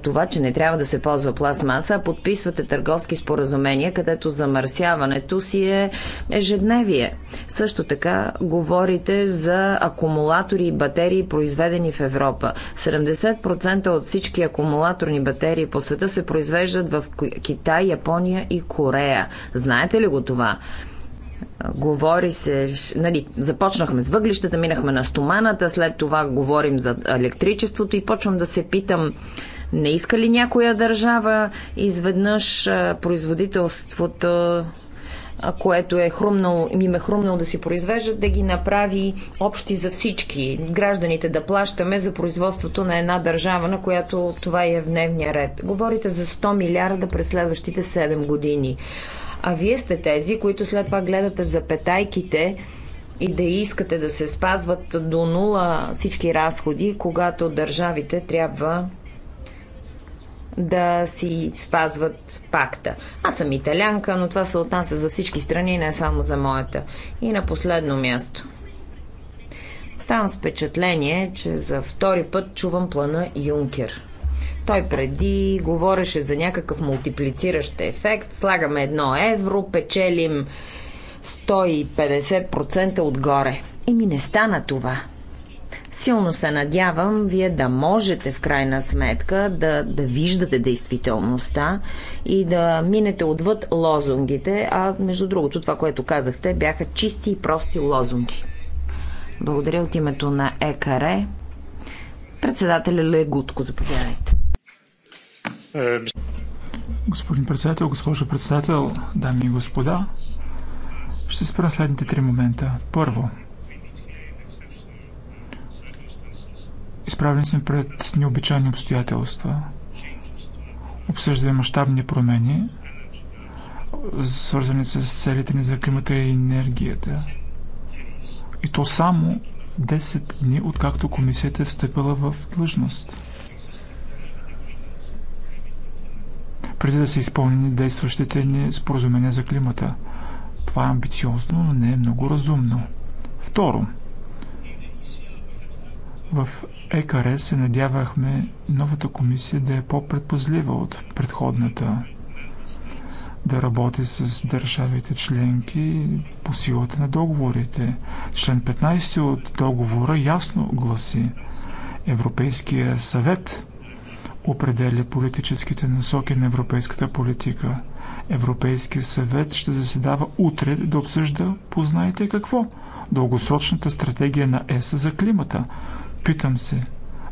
това, че не трябва да се ползва пластмаса, а подписвате търговски споразумения, където замърсяването си е ежедневие. Също така говорите за акумулатори и батерии, произведени в Европа. 70% от всички акумулаторни батерии по света се произвеждат в Китай, Япония и Корея. Знаете ли го това? Говори се, нали, започнахме с въглищата, минахме на стоманата, след това говорим за електричеството и почвам да се питам, не иска ли някоя държава изведнъж производителството което е хрумнал, им е хрумнало да си произвеждат, да ги направи общи за всички. Гражданите да плащаме за производството на една държава, на която това е в дневния ред. Говорите за 100 милиарда през следващите 7 години а вие сте тези, които след това гледате запетайките и да искате да се спазват до нула всички разходи, когато държавите трябва да си спазват пакта. Аз съм италянка, но това се отнася за всички страни, не само за моята. И на последно място. Оставам с впечатление, че за втори път чувам плана Юнкер – той преди говореше за някакъв мултиплициращ ефект. Слагаме едно евро, печелим 150% отгоре. И ми не стана това. Силно се надявам вие да можете в крайна сметка да, да виждате действителността и да минете отвъд лозунгите, а между другото това, което казахте, бяха чисти и прости лозунги. Благодаря от името на ЕКАРЕ. Председателя Легутко, заповядайте.
Господин председател, госпожо председател, дами и господа, ще спра следните три момента. Първо, изправени сме пред необичайни обстоятелства. Обсъждаме мащабни промени, свързани с целите ни за климата и енергията. И то само 10 дни, откакто комисията е встъпила в длъжност. преди да са изпълнени действащите ни споразумения за климата. Това е амбициозно, но не е много разумно. Второ, в ЕКАРЕ се надявахме новата комисия да е по-предпазлива от предходната, да работи с държавите членки по силата на договорите. Член 15 от договора ясно гласи Европейския съвет определя политическите насоки на европейската политика. Европейския съвет ще заседава утре да обсъжда познайте какво – дългосрочната стратегия на ЕС за климата. Питам се,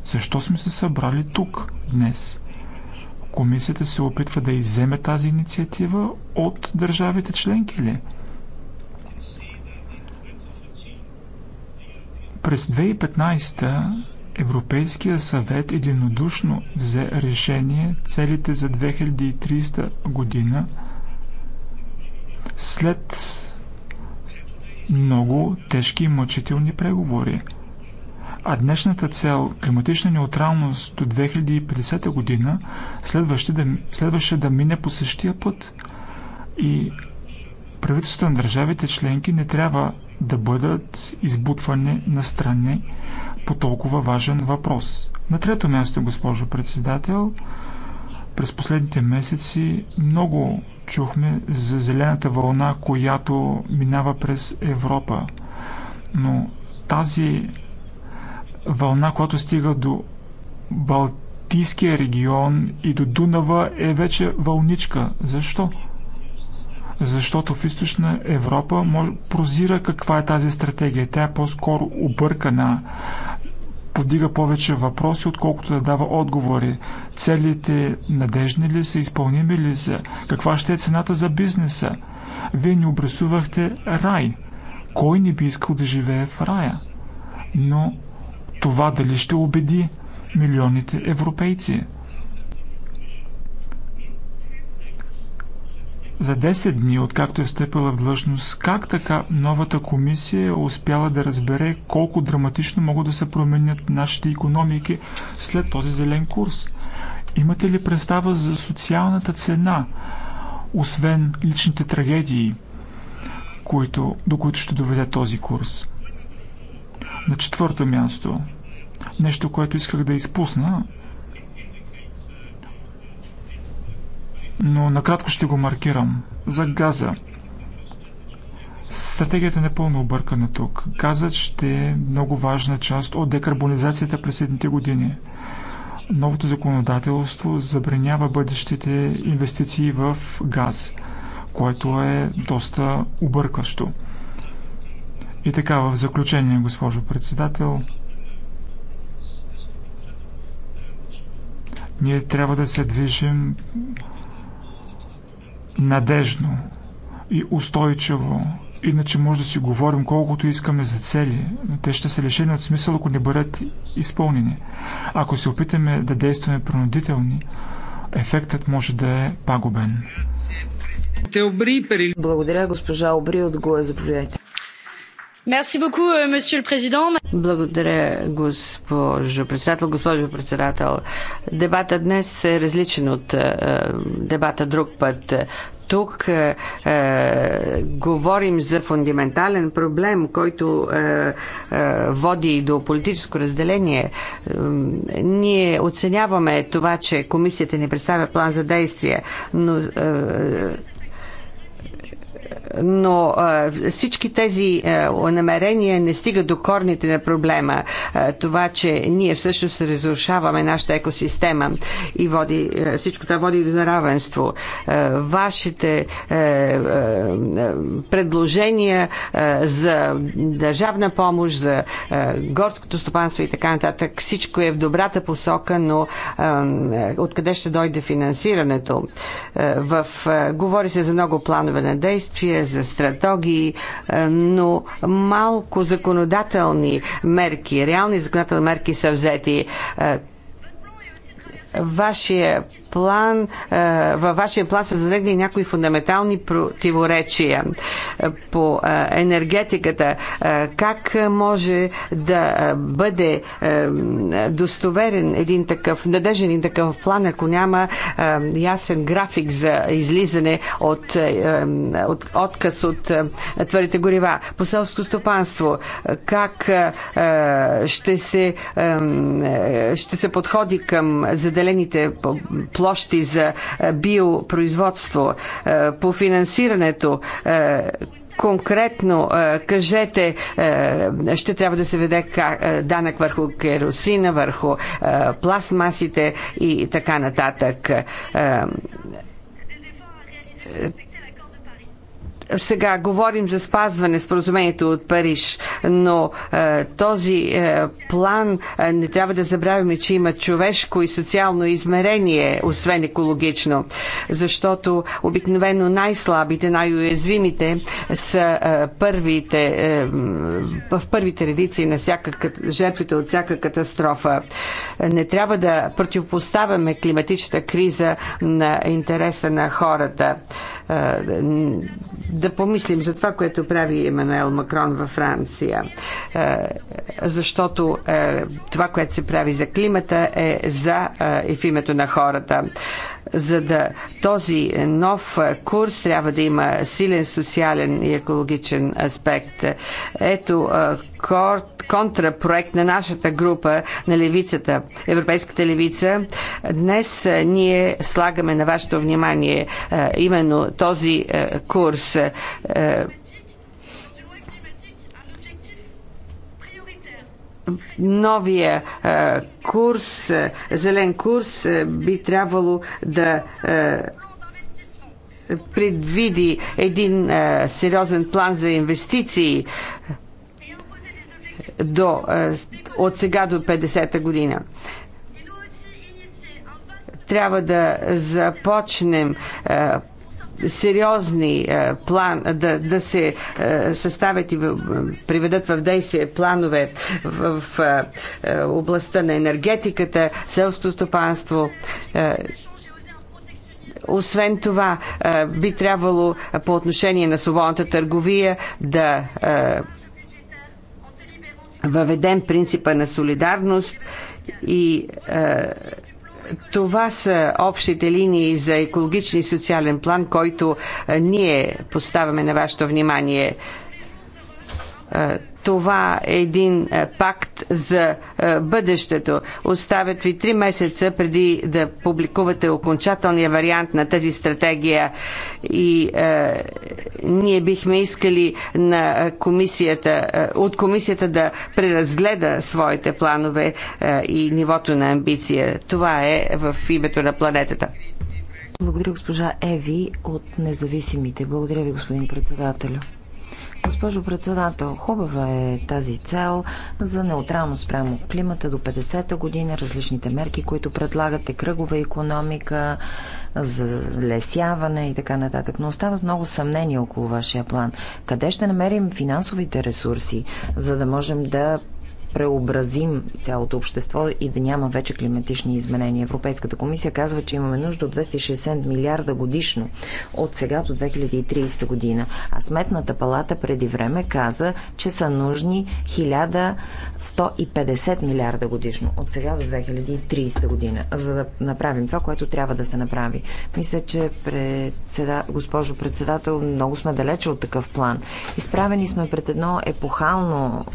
защо сме се събрали тук днес? Комисията се опитва да иземе тази инициатива от държавите членки ли? През 2015 Европейския съвет единодушно взе решение целите за 2030 година след много тежки и мъчителни преговори. А днешната цел климатична неутралност до 2050 година следваше да, следваше да мине по същия път. И правителствата на държавите членки не трябва да бъдат избутвани на страни по толкова важен въпрос. На трето място, госпожо председател, през последните месеци много чухме за зелената вълна, която минава през Европа. Но тази вълна, която стига до Балтийския регион и до Дунава е вече вълничка. Защо? защото в източна Европа може, прозира каква е тази стратегия. Тя е по-скоро объркана, повдига повече въпроси, отколкото да дава отговори. Целите надежни ли са, изпълними ли са, каква ще е цената за бизнеса. Вие ни обрисувахте рай. Кой не би искал да живее в рая? Но това дали ще убеди милионите европейци? За 10 дни, откакто е встъпила в длъжност, как така новата комисия е успяла да разбере колко драматично могат да се променят нашите економики след този зелен курс? Имате ли представа за социалната цена, освен личните трагедии, които, до които ще доведе този курс? На четвърто място, нещо, което исках да изпусна, но накратко ще го маркирам. За газа. Стратегията е непълно объркана тук. Газът ще е много важна част от декарбонизацията през следните години. Новото законодателство забранява бъдещите инвестиции в газ, което е доста объркващо. И така, в заключение, госпожо председател, ние трябва да се движим надежно и устойчиво. Иначе може да си говорим колкото искаме за цели, но те ще се лишени от смисъл, ако не бъдат изпълнени. Ако се опитаме да действаме принудителни, ефектът може да е пагубен.
Благодаря, госпожа Обри от Гоя. Заповядайте.
Euh, Благодаря, госпожо председател. Госпожо председател, дебата днес е различен от е, дебата друг път тук е, е, говорим за фундаментален проблем, който е, е, води до политическо разделение. Е, ние оценяваме това, че комисията ни представя план за действие, но е, но всички тези намерения не стигат до корните на проблема. Това, че ние всъщност разрушаваме нашата екосистема и води, всичко това води до неравенство. Вашите предложения за държавна помощ, за горското стопанство и така нататък, всичко е в добрата посока, но откъде ще дойде финансирането? В, говори се за много планове на действие, за стратегии, е, но малко законодателни мерки, реални законодателни мерки са взети. Е, вашия план, е, във вашия план са залегнали някои фундаментални противоречия е, по е, енергетиката. Как може да бъде достоверен един такъв, надежен един такъв план, ако няма ясен график за излизане от, от отказ от твърдите горива? По селско стопанство, как ще се, ще се подходи към задължението зелените площи за е, биопроизводство, е, по финансирането, е, конкретно кажете, ще трябва да се веде данък върху керосина, върху пластмасите и така нататък сега говорим за спазване споразумението от Париж, но е, този е, план е, не трябва да забравяме, че има човешко и социално измерение, освен екологично, защото обикновено най-слабите, най-уязвимите са е, първите, е, в първите редици на всяка, жертвите от всяка катастрофа. Не трябва да противопоставяме климатичната криза на интереса на хората да помислим за това, което прави Еммануел Макрон във Франция. Защото това, което се прави за климата е за и в името на хората. За да този нов курс трябва да има силен социален и екологичен аспект. Ето контрапроект на нашата група на левицата, Европейската левица. Днес ние слагаме на вашето внимание именно този курс новия курс, зелен курс, би трябвало да предвиди един сериозен план за инвестиции до, от сега до 50-та година трябва да започнем сериозни е, план, да, да се е, съставят и приведат в действие планове в, в е, областта на енергетиката, селското стопанство. освен това, би трябвало по отношение на свободната търговия да въведем принципа на солидарност и е, това са общите линии за екологичен и социален план, който ние поставяме на вашето внимание това е един е, пакт за е, бъдещето. Оставят ви три месеца преди да публикувате окончателния вариант на тази стратегия и е, ние бихме искали на комисията, е, от комисията да преразгледа своите планове е, и нивото на амбиция. Това е в името на планетата.
Благодаря госпожа Еви от независимите. Благодаря ви, господин председателю. Госпожо председател, хубава е тази цел за неутралност спрямо климата до 50-та година, различните мерки, които предлагате, кръгова економика, залесяване и така нататък. Но остават много съмнения около вашия план. Къде ще намерим финансовите ресурси, за да можем да преобразим цялото общество и да няма вече климатични изменения. Европейската комисия казва, че имаме нужда от 260 милиарда годишно от сега до 2030 година. А Сметната палата преди време каза, че са нужни 1150 милиарда годишно от сега до 2030 година, за да направим това, което трябва да се направи. Мисля, че председа... госпожо председател, много сме далече от такъв план. Изправени сме пред едно епохално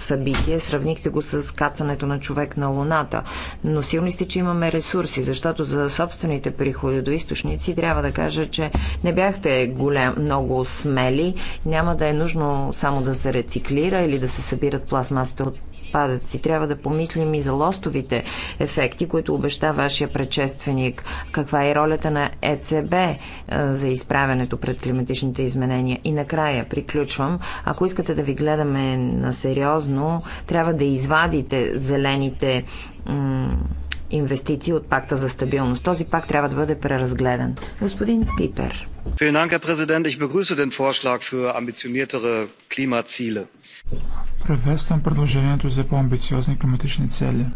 събитие. Сравнихте го с кацането на човек на Луната. Но силни сте, че имаме ресурси, защото за собствените приходи до източници трябва да кажа, че не бяхте голям, много смели. Няма да е нужно само да се рециклира или да се събират пластмасите от отпадъци. Трябва да помислим и за лостовите ефекти, които обеща вашия предшественик. Каква е ролята на ЕЦБ е, за изправенето пред климатичните изменения? И накрая, приключвам, ако искате да ви гледаме на сериозно, трябва да извадите зелените инвестиции от пакта за стабилност. Този пакт трябва да бъде преразгледан. Господин Пипер.
Vielen Dank, Herr Präsident. Ich begrüße den
Vorschlag für ambitioniertere Klimaziele.
Приветствам предложението за по-амбициозни климатични цели.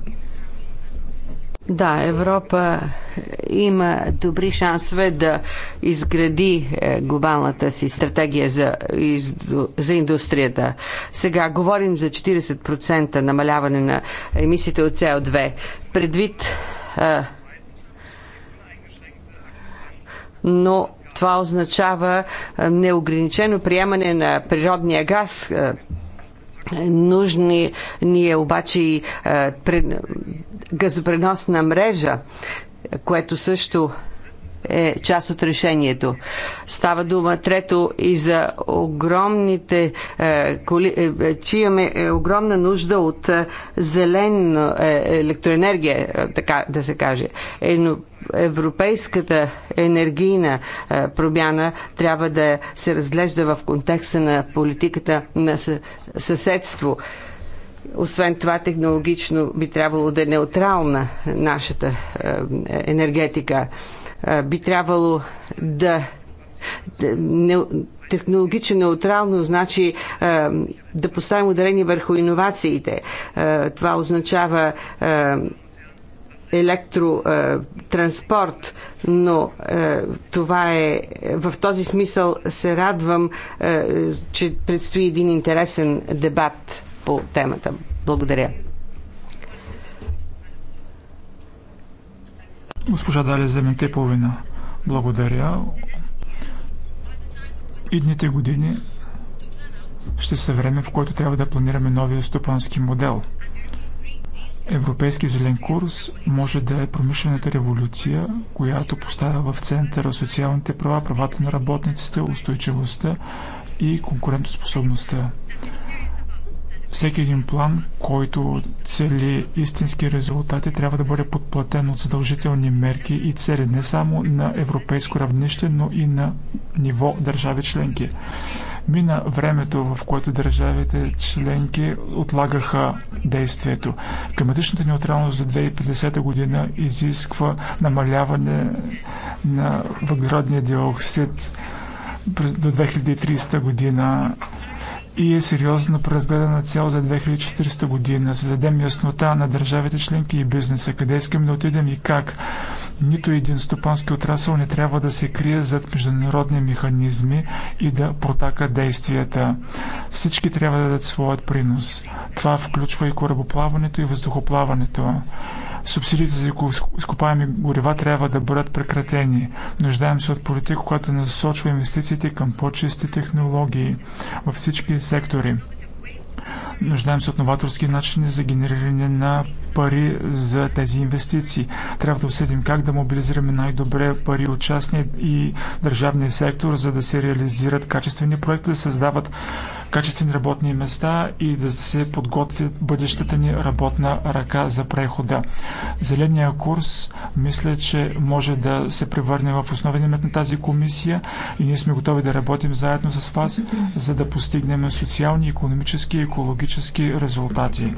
Да, Европа
има добри шансове да изгради е, глобалната си стратегия за, за индустрията. Сега говорим за 40% намаляване на емисиите от СО2. Предвид. А, е, но това означава е, неограничено приемане на природния газ Нужни ни е обаче и е, газопреносна мрежа, което също е част от решението. Става дума трето и за огромните, е, коли, е, че имаме е огромна нужда от е, зелен е, електроенергия, е, така да се каже. Е, но европейската енергийна е, промяна трябва да се разглежда в контекста на политиката на съседство. Освен това, технологично би трябвало да е неутрална нашата енергетика би трябвало да технологично неутрално значи да поставим ударение върху иновациите. това означава електротранспорт, но това е в този смисъл се радвам, че предстои един интересен дебат по темата. Благодаря.
Госпожа Даля за половина. Благодаря. Идните години ще са време, в което трябва да планираме новия стопански модел. Европейски зелен курс може да е промишлената революция, която поставя в центъра социалните права, правата на работниците, устойчивостта и конкурентоспособността. Всеки един план, който цели истински резултати, трябва да бъде подплатен от задължителни мерки и цели не само на европейско равнище, но и на ниво държави членки. Мина времето, в което държавите членки отлагаха действието. Климатичната неутралност до 2050 година изисква намаляване на въглеродния диоксид до 2030 година и е сериозно преразгледана цел за 2040 година, за да дадем яснота на държавите членки и бизнеса, къде искаме да отидем и как. Нито един стопански отрасъл не трябва да се крие зад международни механизми и да протака действията. Всички трябва да дадат своят принос. Това включва и корабоплаването и въздухоплаването. Субсидиите за изкопаеми горива трябва да бъдат прекратени. Нуждаем се от политика, която насочва инвестициите към по-чисти технологии във всички сектори. Нуждаем се от новаторски начини за генериране на пари за тези инвестиции. Трябва да обсъдим как да мобилизираме най-добре пари от частния и държавния сектор, за да се реализират качествени проекти, да създават качествени работни места и да се подготви бъдещата ни работна ръка за прехода. Зеления курс мисля, че може да се превърне в основен имет на тази комисия и ние сме готови да работим заедно с вас, за да постигнем социални, економически и екологически резултати.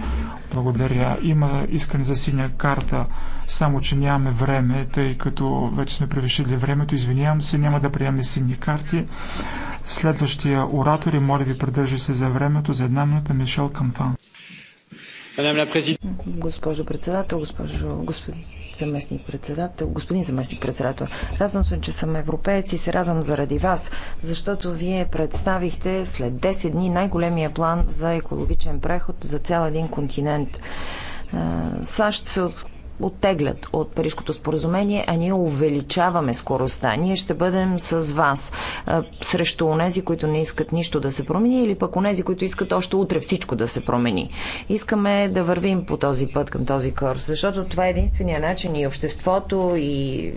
Благодаря. Има искане за синя карта, само че нямаме време, тъй като вече сме превишили времето. Извинявам се, няма да приемем сини карти. Следващия оратор и моля ви, придържи се за времето за една минута, Мишел Камфан.
Госпожо председател, госпожо, господин заместник председател, господин заместник председател, радвам се, че съм европеец и се радвам заради вас, защото вие представихте след 10 дни най-големия план за екологичен преход за цял един континент. САЩ се оттеглят от Парижкото споразумение, а ние увеличаваме скоростта. Ние ще бъдем с вас срещу онези, които не искат нищо да се промени или пък онези, които искат още утре всичко да се промени. Искаме да вървим по този път към този курс, защото това е единствения начин и обществото, и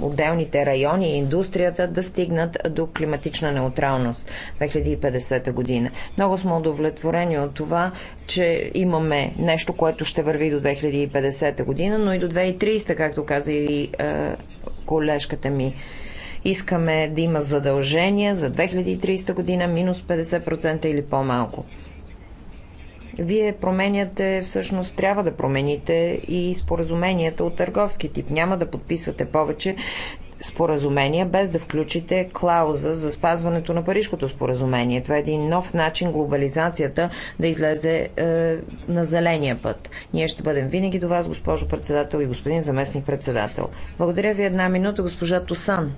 отделните райони, и индустрията да стигнат до климатична неутралност 2050 година. Много сме удовлетворени от това, че имаме нещо, което ще върви до 2050 година година, но и до 2030, както каза и е, колежката ми. Искаме да има задължения за 2030 година минус 50% или по-малко. Вие променяте, всъщност трябва да промените и споразуменията от търговски тип. Няма да подписвате повече споразумение, без да включите клауза за спазването на Парижкото споразумение. Това е един нов начин глобализацията да излезе е, на зеления път. Ние ще бъдем винаги до вас, госпожо председател и господин заместник председател. Благодаря ви една минута, госпожа Тосан.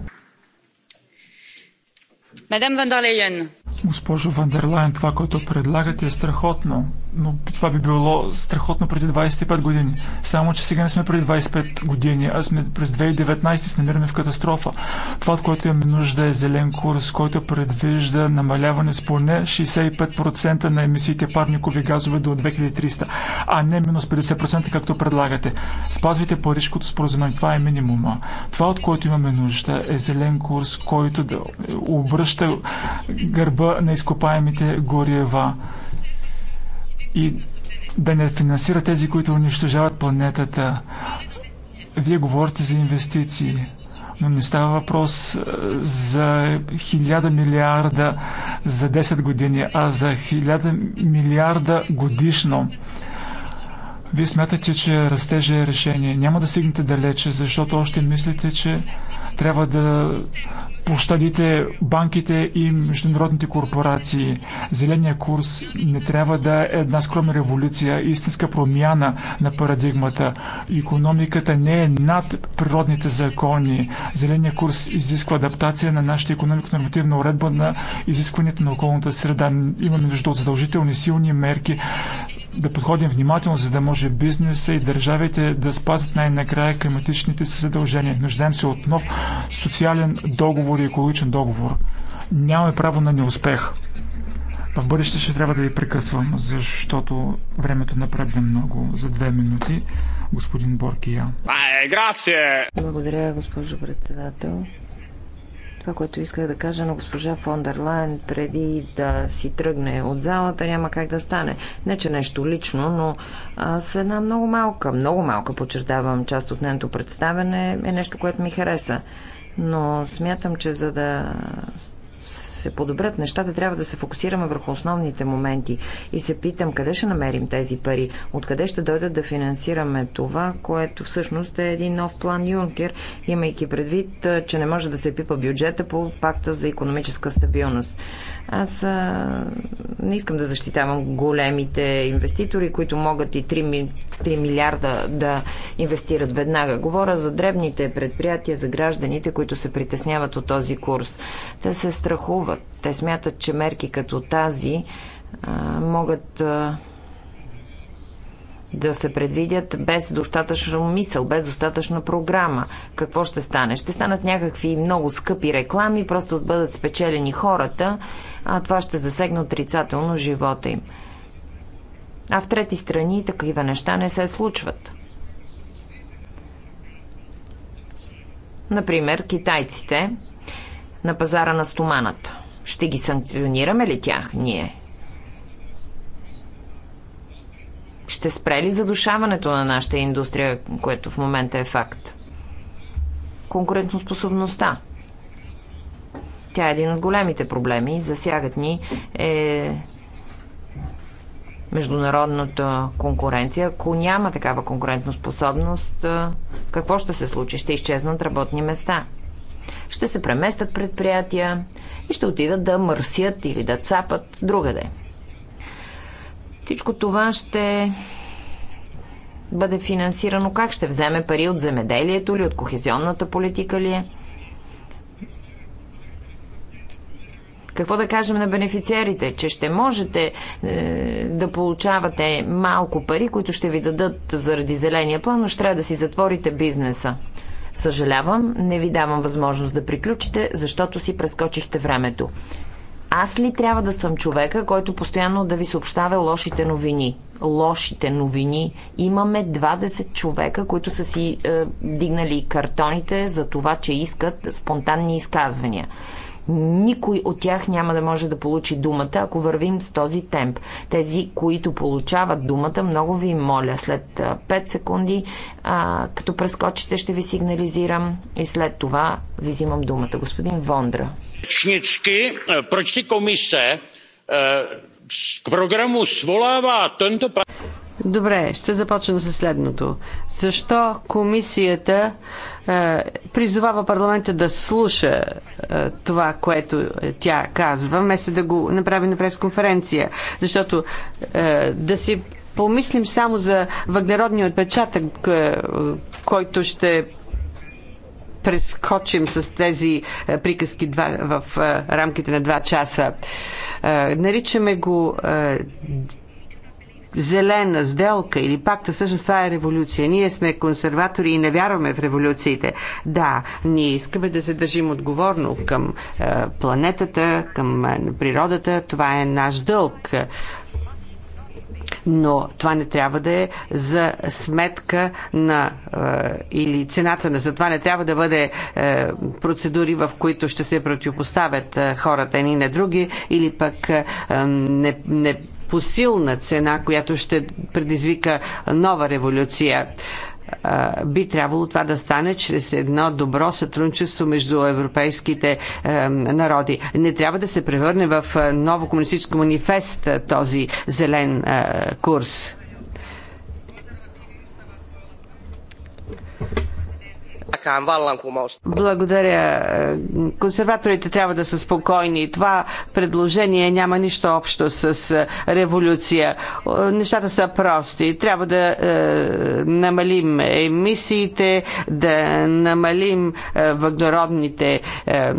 Госпожо Вандерлайн, това, което предлагате е страхотно, но това би било страхотно преди 25 години. Само, че сега не сме преди 25 години, а сме през 2019 се намираме в катастрофа. Това, от което имаме нужда е зелен курс, който предвижда намаляване с поне 65% на емисиите парникови газове до 2300, а не минус 50%, както предлагате. Спазвайте Парижкото споразумение, това е минимума. Това, от което имаме нужда е зелен курс, който да обръща връща гърба на изкопаемите горива и да не финансира тези, които унищожават планетата. Вие говорите за инвестиции, но не става въпрос е, за хиляда милиарда за 10 години, а за хиляда милиарда годишно. Вие смятате, че растежа е решение. Няма да стигнете далече, защото още мислите, че трябва да пощадите банките и международните корпорации. Зеления курс не трябва да е една скромна революция, истинска промяна на парадигмата. Економиката не е над природните закони. Зеления курс изисква адаптация на нашата економика нормативна уредба на изискването на околната среда. Имаме нужда от задължителни силни мерки да подходим внимателно, за да може бизнеса и държавите да спазят най-накрая климатичните си задължения. Нуждаем се от нов социален договор и екологичен договор. Нямаме право на неуспех. В бъдеще ще трябва да ви прекъсвам, защото времето напредне много за две минути. Господин Боркия.
Благодаря, госпожо председател. Това, което исках да кажа на госпожа Фондерлайн преди да си тръгне от залата, няма как да стане. Не, че нещо лично, но а, с една много малка, много малка, подчертавам, част от нейното представене е нещо, което ми хареса. Но смятам, че за да се подобрят нещата, трябва да се фокусираме върху основните моменти. И се питам, къде ще намерим тези пари? Откъде ще дойдат да финансираме това, което всъщност е един нов план Юнкер, имайки предвид, че не може да се пипа бюджета по пакта за економическа стабилност. Аз а, не искам да защитавам големите инвеститори, които могат и 3, 3 милиарда да инвестират веднага. Говоря за дребните предприятия, за гражданите, които се притесняват от този курс. Те се страхуват страхуват. Те смятат, че мерки като тази а, могат а, да се предвидят без достатъчно мисъл, без достатъчна програма. Какво ще стане? Ще станат някакви много скъпи реклами, просто бъдат спечелени хората, а това ще засегне отрицателно живота им. А в трети страни такива неща не се случват. Например, китайците на пазара на стоманата. Ще ги санкционираме ли тях ние? Ще спре ли задушаването на нашата индустрия, което в момента е факт? Конкурентоспособността. Тя е един от големите проблеми. Засягат ни е международната конкуренция. Ако няма такава конкурентоспособност, какво ще се случи? Ще изчезнат работни места ще се преместят предприятия и ще отидат да мърсят или да цапат другаде. Всичко това ще бъде финансирано как? Ще вземе пари от земеделието ли, от кохезионната политика ли? Е? Какво да кажем на бенефициарите? Че ще можете е, да получавате малко пари, които ще ви дадат заради зеления план, но ще трябва да си затворите бизнеса. Съжалявам, не ви давам възможност да приключите, защото си прескочихте времето. Аз ли трябва да съм човека, който постоянно да ви съобщава лошите новини? Лошите новини. Имаме 20 човека, които са си е, дигнали картоните за това, че искат спонтанни изказвания. Никой от тях няма да може да получи думата, ако вървим с този темп. Тези, които получават думата, много ви моля, след 5 секунди, а, като прескочите, ще ви сигнализирам и след това ви взимам думата. Господин Вондра.
Чнички, прочти комисия, програму сволава тънто... Добре, ще започна с следното. Защо комисията е, призовава парламента да слуша е, това, което е, тя казва, вместо да го направи на пресконференция? Защото е, да си помислим само за въгнеродния отпечатък, е, който ще прескочим с тези е, приказки два, в е, рамките на два часа. Наричаме го зелена сделка или пакта, всъщност това е революция. Ние сме консерватори и не вярваме в революциите. Да, ние искаме да се държим отговорно към е, планетата, към е, природата. Това е наш дълг. Но това не трябва да е за сметка на е, или цената на. Затова не трябва да бъде процедури, в които ще се противопоставят хората едни на други или пък не, не посилна цена, която ще предизвика нова революция би трябвало това да стане чрез едно добро сътрудничество между европейските е, народи. Не трябва да се превърне в е, ново комунистическо манифест е, този зелен курс aikaan vallankumousta. Благодаря. Консерваторите трябва да са спокойни. Това предложение няма нищо общо с е, революция. Нещата са прости. Трябва да е, намалим емисиите, да намалим е, въглеродните е,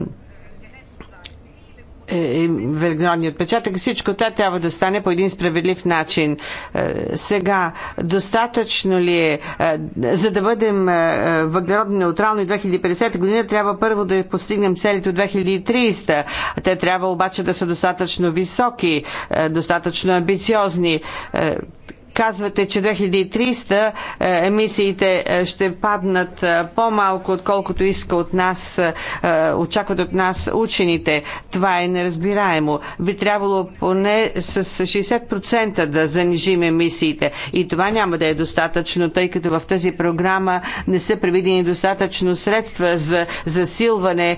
електронния отпечатък. Всичко това трябва да стане по един справедлив начин. Е, сега, достатъчно ли е, е за да бъдем е, въглеродно неутрални 2050 година, трябва първо да постигнем целите от 2300. Те трябва обаче да са достатъчно високи, достатъчно амбициозни Казвате, че 2300 е, емисиите е, ще паднат е, по-малко, отколкото иска от нас, очакват от нас учените. Това е неразбираемо. Би трябвало поне с 60% да занижим емисиите. И това няма да е достатъчно, тъй като в тази програма не са предвидени достатъчно средства за засилване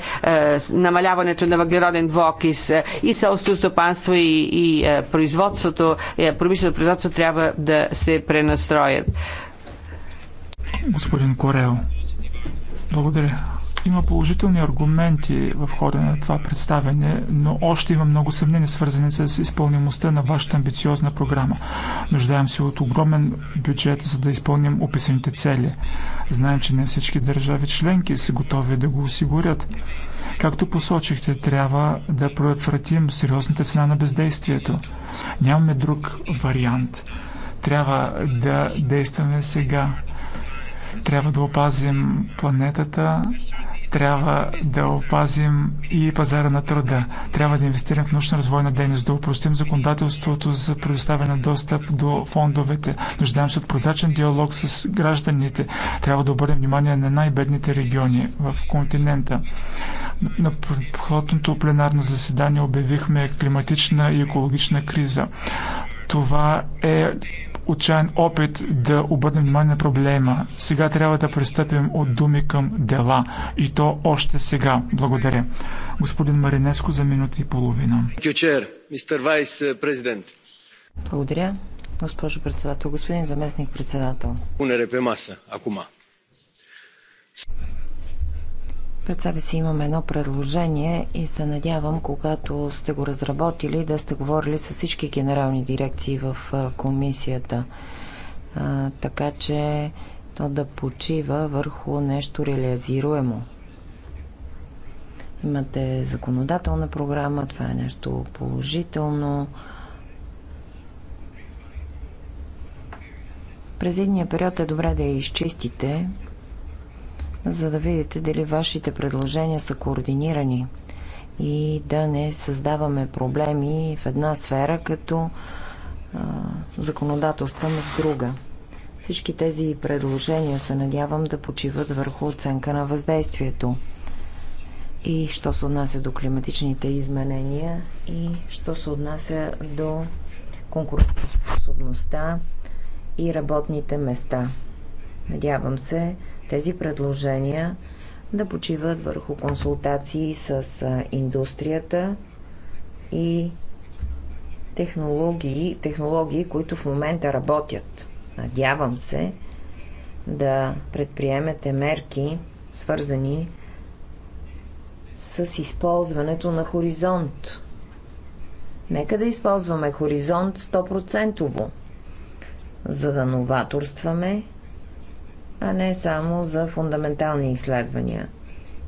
намаляването на въглероден двокис и селското стопанство и, и производството, промишлено производство трябва да се
пренастроят. Господин Корел, благодаря. Има положителни аргументи в хода на това представене, но още има много съмнения, свързани с изпълнимостта на вашата амбициозна програма. Нуждаем се от огромен бюджет, за да изпълним описаните цели. Знаем, че не всички държави членки са готови да го осигурят. Както посочихте, трябва да предотвратим сериозната цена на бездействието. Нямаме друг вариант. Трябва да действаме сега. Трябва да опазим планетата, трябва да опазим и пазара на труда. Трябва да инвестираме в научна развойна дейност, да упростим законодателството за предоставяне на достъп до фондовете. Нуждаем се от прозрачен диалог с гражданите. Трябва да обърнем внимание на най-бедните региони в континента. На предходното пленарно заседание обявихме климатична и екологична криза. Това е отчаян опит да обърнем внимание на проблема. Сега трябва да пристъпим от думи към дела. И то още сега. Благодаря. Господин Маринеско за минута и половина. Е, Благодаря, госпожо председател. Господин заместник
председател. Пунере пе маса, акума. Пред себе си имаме едно предложение и се надявам, когато сте го разработили, да сте говорили с всички генерални дирекции в комисията. А, така че то да почива върху нещо реализируемо. Имате законодателна програма, това е нещо положително. През едния период е добре да я изчистите, за да видите дали вашите предложения са координирани и да не създаваме проблеми в една сфера, като а, законодателстваме в друга. Всички тези предложения се надявам да почиват върху оценка на въздействието. И що се отнася до климатичните изменения и що се отнася до конкурентоспособността и работните места. Надявам се тези предложения да почиват върху консултации с индустрията и технологии, технологии, които в момента работят. Надявам се да предприемете мерки, свързани с използването на хоризонт. Нека да използваме хоризонт 100%, за да новаторстваме а не само за фундаментални изследвания.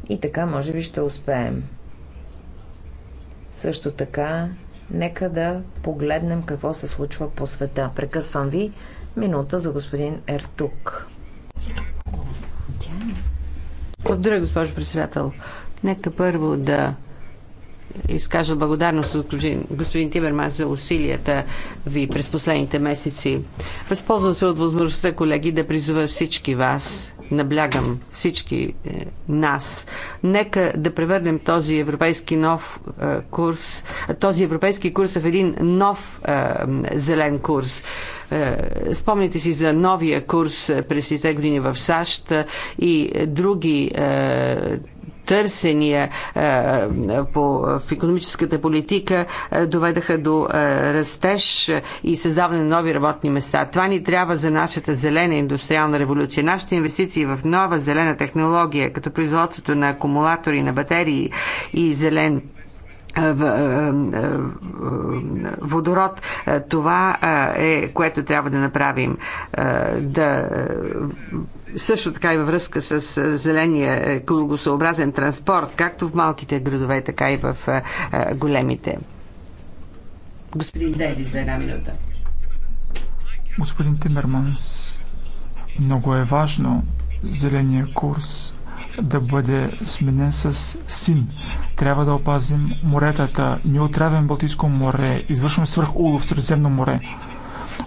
И така, може би, ще успеем. Също така, нека да погледнем какво се случва по света. Прекъсвам ви минута за
господин Ертук. Благодаря, госпожо председател. Нека първо да изкажа благодарност за господин Тиберман за усилията ви през последните месеци. Възползвам се от възможността, колеги, да призова всички вас наблягам всички е, нас. Нека да превърнем този европейски нов е, курс, този европейски курс в един нов е, зелен курс. Е, Спомните си за новия курс е, през 60 години в САЩ е, и други търсения е, по, в економическата политика е, доведаха до е, растеж и създаване на нови работни места. Това ни трябва за нашата зелена индустриална революция. Нашите инвестиции в нова зелена технология, като производството на акумулатори, на батерии и зелен водород. Това е което трябва да направим. Да също така и във връзка с зеления екологосъобразен транспорт, както в малките градове, така и в големите. Господин Дейли, за една минута.
Господин Тимерманс, много е важно зеления курс да бъде сменен с син. Трябва да опазим моретата. Ние отравяме Балтийско море, извършваме свърх улов в Средиземно море.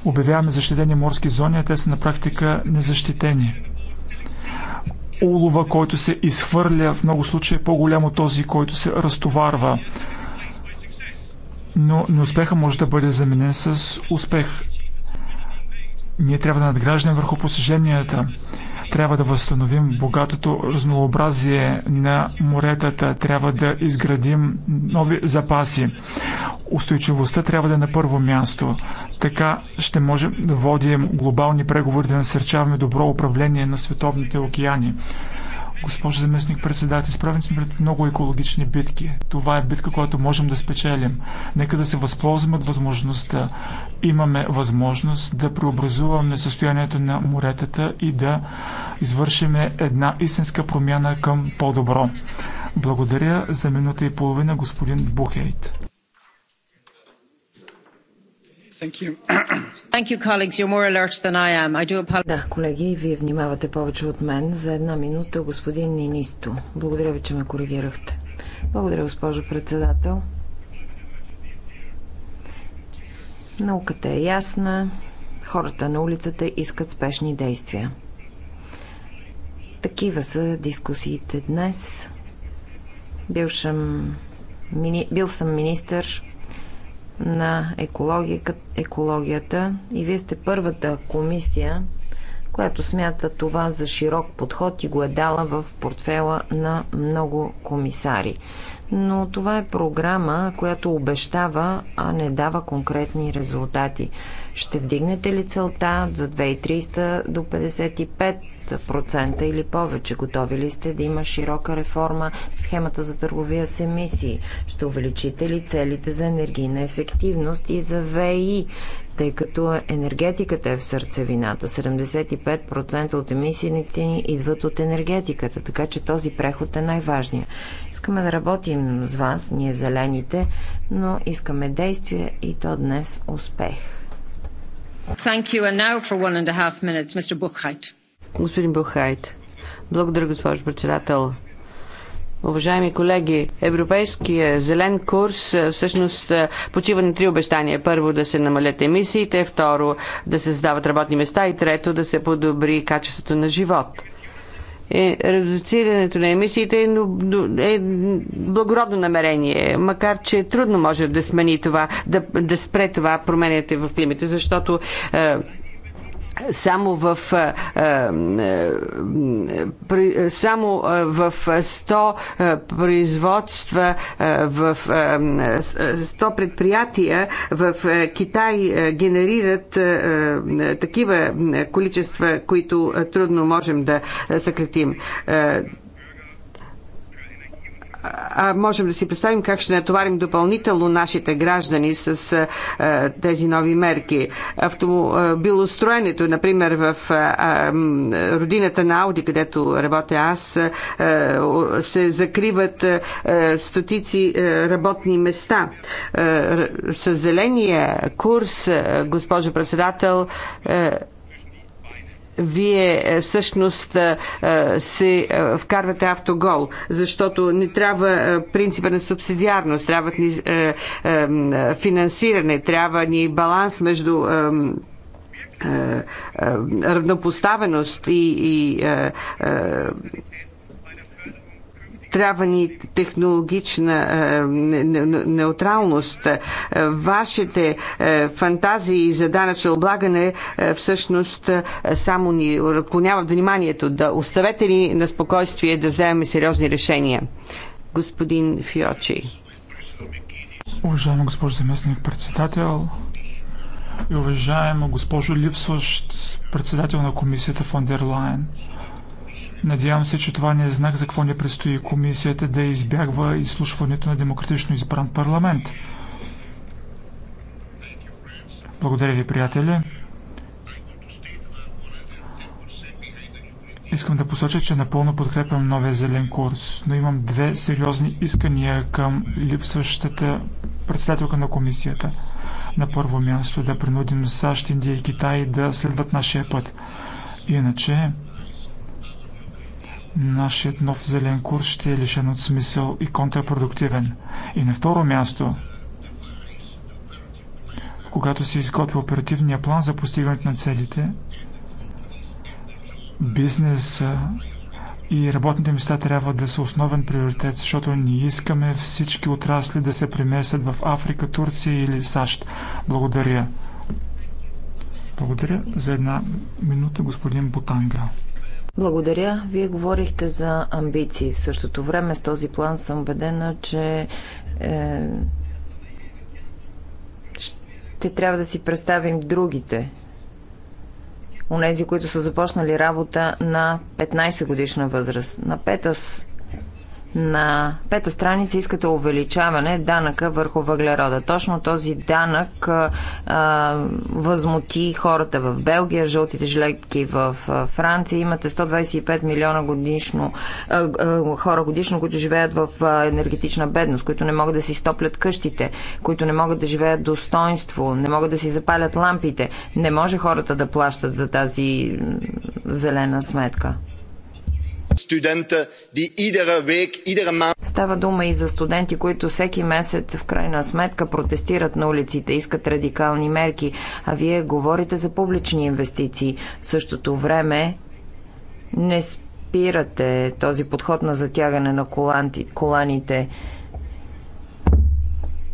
Обявяваме защитени морски зони, а те са на практика незащитени улова, който се изхвърля, в много случаи е по-голям от този, който се разтоварва. Но неуспеха може да бъде заменен с успех. Ние трябва да надграждаме върху постиженията. Трябва да възстановим богатото разнообразие на моретата. Трябва да изградим нови запаси. Устойчивостта трябва да е на първо място. Така ще можем да водим глобални преговори, да насърчаваме добро управление на световните океани. Госпожо заместник председател, изправени сме пред много екологични битки. Това е битка, която можем да спечелим. Нека да се възползваме от възможността. Имаме възможност да преобразуваме състоянието на моретата и да извършим една истинска промяна към по-добро. Благодаря за минута и половина, господин Бухейт.
Да, колеги, вие внимавате повече от мен. За една минута, господин Нинисто. Благодаря ви, че ме коригирахте. Благодаря, госпожо председател. Науката е ясна. Хората на улицата искат спешни действия. Такива са дискусиите днес. Бил мини... бил съм министър на екологията и вие сте първата комисия, която смята това за широк подход и го е дала в портфела на много комисари. Но това е програма, която обещава, а не дава конкретни резултати. Ще вдигнете ли целта за 2300 до 55 10% или повече. Готови ли сте да има широка реформа в схемата за търговия с емисии? Ще увеличите ли целите за енергийна ефективност и за ВИ? тъй като енергетиката е в сърцевината. 75% от емисиите ни идват от енергетиката, така че този преход е най-важният. Искаме да работим с вас, ние зелените, но искаме
действие и то днес успех.
Thank you. And now for one and a half
minutes, Mr. Buchheit. Господин Бухайт. Благодаря, госпожо председател. Уважаеми колеги, Европейския зелен курс е, всъщност е, почива на три обещания. Първо да се намалят емисиите, второ да се създават работни места и трето да се подобри качеството на живот е, редуцирането на емисиите е, е благородно намерение, макар че трудно може да смени това, да, да спре това промените в климата, защото е, само в само в 100 производства в 100 предприятия в Китай генерират такива количества, които трудно можем да съкратим а можем да си представим как ще натоварим допълнително нашите граждани с а, тези нови мерки. Автомобилостроенето, например, в а, родината на Ауди, където работя аз, а, се закриват а, стотици а, работни места. А, с зеления курс, а, госпожо председател, а, вие е, всъщност е, е, се вкарвате автогол, защото не трябва принципа на субсидиарност, трябва ни финансиране, трябва ни баланс между равнопоставеност и, и трябва ни технологична е, неутралност. Е, вашите е, фантазии за данъчно облагане всъщност само ни отклоняват вниманието. Да оставете ли на спокойствие да вземем сериозни решения? Господин Фиочи.
Уважаема госпожо заместник председател и уважаема госпожо липсващ председател на комисията фон дер Лайен. Надявам се, че това не е знак за какво не предстои комисията да избягва изслушването на демократично избран парламент. Благодаря ви, приятели. Искам да посоча, че напълно подкрепям новия зелен курс, но имам две сериозни искания към липсващата председателка на комисията. На първо място да принудим САЩ, Индия и Китай да следват нашия път. Иначе нашият нов зелен курс ще е лишен от смисъл и контрапродуктивен. И на второ място, когато се изготвя оперативния план за постигането на целите, бизнес и работните места трябва да са основен приоритет, защото ние искаме всички отрасли да се преместят в Африка, Турция или САЩ. Благодаря. Благодаря за една минута, господин Ботанга.
Благодаря. Вие говорихте за амбиции. В същото време с този план съм убедена, че е, ще трябва да си представим другите. Онези, които са започнали работа на 15 годишна възраст. На Петас на пета страница искате увеличаване данъка върху въглерода. Точно този данък а, възмути хората в Белгия, жълтите жилетки в Франция. Имате 125 милиона годишно, а, а, хора годишно, които живеят в енергетична бедност, които не могат да си стоплят къщите, които не могат да живеят достоинство, не могат да си запалят лампите. Не може хората да плащат за тази зелена сметка
студента,
Става дума и за студенти, които всеки месец в крайна сметка протестират на улиците, искат радикални мерки, а вие говорите за публични инвестиции. В същото време не спирате този подход на затягане на коланите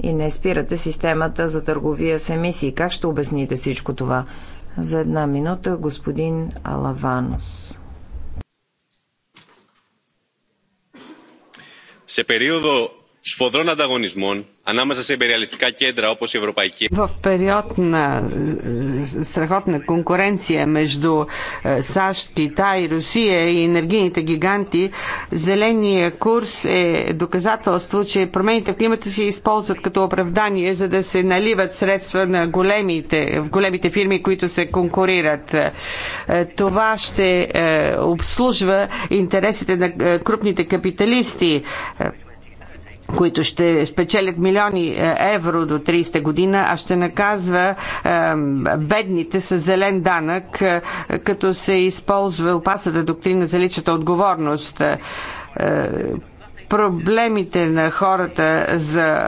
и не спирате системата за търговия с емисии. Как ще обясните всичко това? За една минута господин Алаванос.
σε περίοδο σφοδρών ανταγωνισμών ανάμεσα σε υπεριαλιστικά κέντρα όπως η Ευρωπαϊκή. В период на страхотна конкуренция между САЩ, Китай, Русия и енергийните гиганти, зеления курс е доказателство, че промените в климата се използват като оправдание, за да се наливат средства на големите, в големите фирми, които се конкурират. Е, това ще е, обслужва интересите на е, крупните капиталисти които ще спечелят милиони е, евро до 30 година, а ще наказва е, бедните с зелен данък, е, като се използва опасната доктрина за личната отговорност. Проблемите на хората за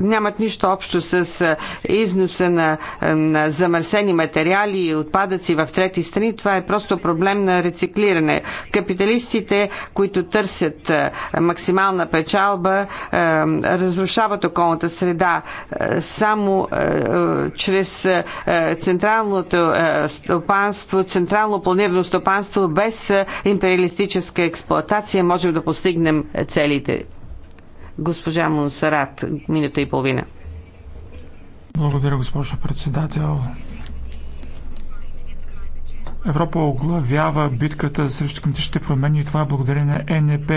нямат нищо общо с износа на, на замърсени материали и отпадъци в трети страни. Това е просто проблем на рециклиране. Капиталистите, които търсят максимална печалба, разрушават околната среда само чрез централното стопанство, централно планирано стопанство без империалистическа експлоатация можем да постигнем целите Госпожа Монсарат, минута и половина.
Благодаря, госпожо председател. Европа оглавява битката срещу климатичните промени и това е благодарение на НП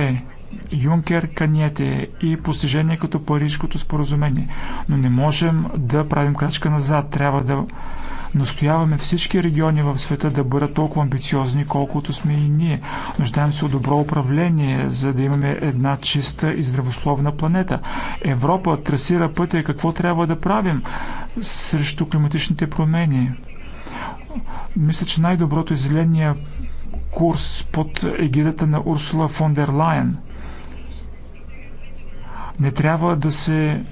Юнкер, Каньете и постижение като Парижското споразумение. Но не можем да правим крачка назад. Трябва да Настояваме всички региони в света да бъдат толкова амбициозни, колкото сме и ние. Нуждаем се от добро управление, за да имаме една чиста и здравословна планета. Европа трасира пътя какво трябва да правим срещу климатичните промени. Мисля, че най-доброто е зеления курс под егидата на Урсула фон дер Лайен. Не трябва да се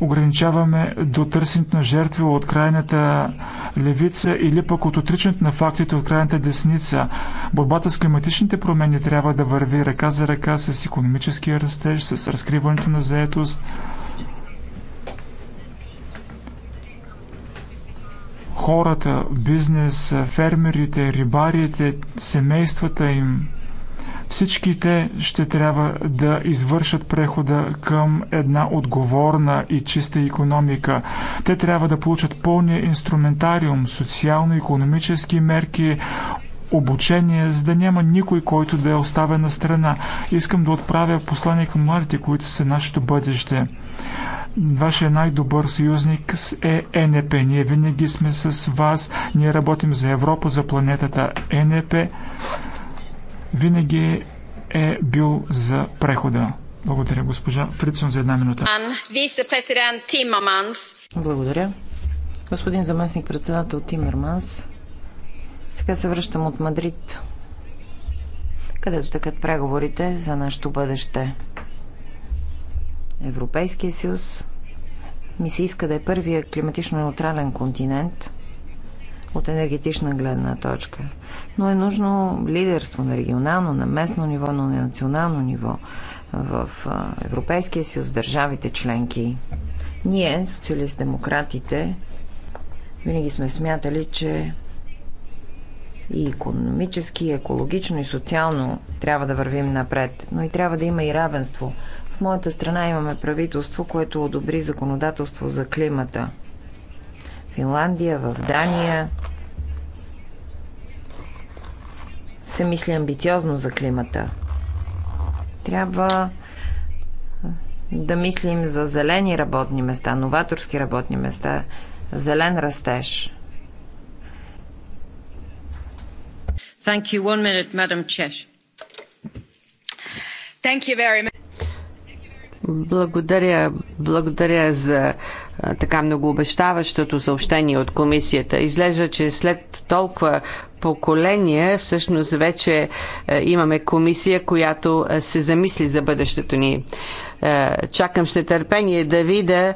ограничаваме до търсенето на жертви от крайната левица или пък от отричането на фактите от крайната десница. Борбата с климатичните промени трябва да върви ръка за ръка с економическия растеж, с разкриването на заетост. Хората, бизнес, фермерите, рибарите, семействата им всички те ще трябва да извършат прехода към една отговорна и чиста економика. Те трябва да получат пълния инструментариум, социално-економически мерки, обучение, за да няма никой, който да е оставен на страна. Искам да отправя послание към младите, които са нашето бъдеще. Вашия е най-добър съюзник е ЕНП. Ние винаги сме с вас. Ние работим за Европа, за планетата. ЕНП винаги е бил за прехода. Благодаря, госпожа Фрицон, за една минута. Благодаря. Господин заместник председател Тимерманс,
сега се връщам от Мадрид, където така преговорите за нашето бъдеще. Европейския съюз ми се иска да е първия климатично неутрален континент – от енергетична гледна точка. Но е нужно лидерство на регионално, на местно ниво, но на национално ниво в Европейския съюз, държавите членки. Ние, социалист-демократите, винаги сме смятали, че и економически, и екологично, и социално трябва да вървим напред, но и трябва да има и равенство. В моята страна имаме правителство, което одобри законодателство за климата – Финландия, в Дания се мисли амбициозно за климата. Трябва да мислим за зелени работни места, новаторски работни места, зелен растеж. Thank you. One minute, Madam
Thank you very much. Благодаря, благодаря за така многообещаващото съобщение от комисията. Изглежда, че след толкова поколение, всъщност вече е, имаме комисия, която е, се замисли за бъдещето ни. Е, чакам с нетърпение да видя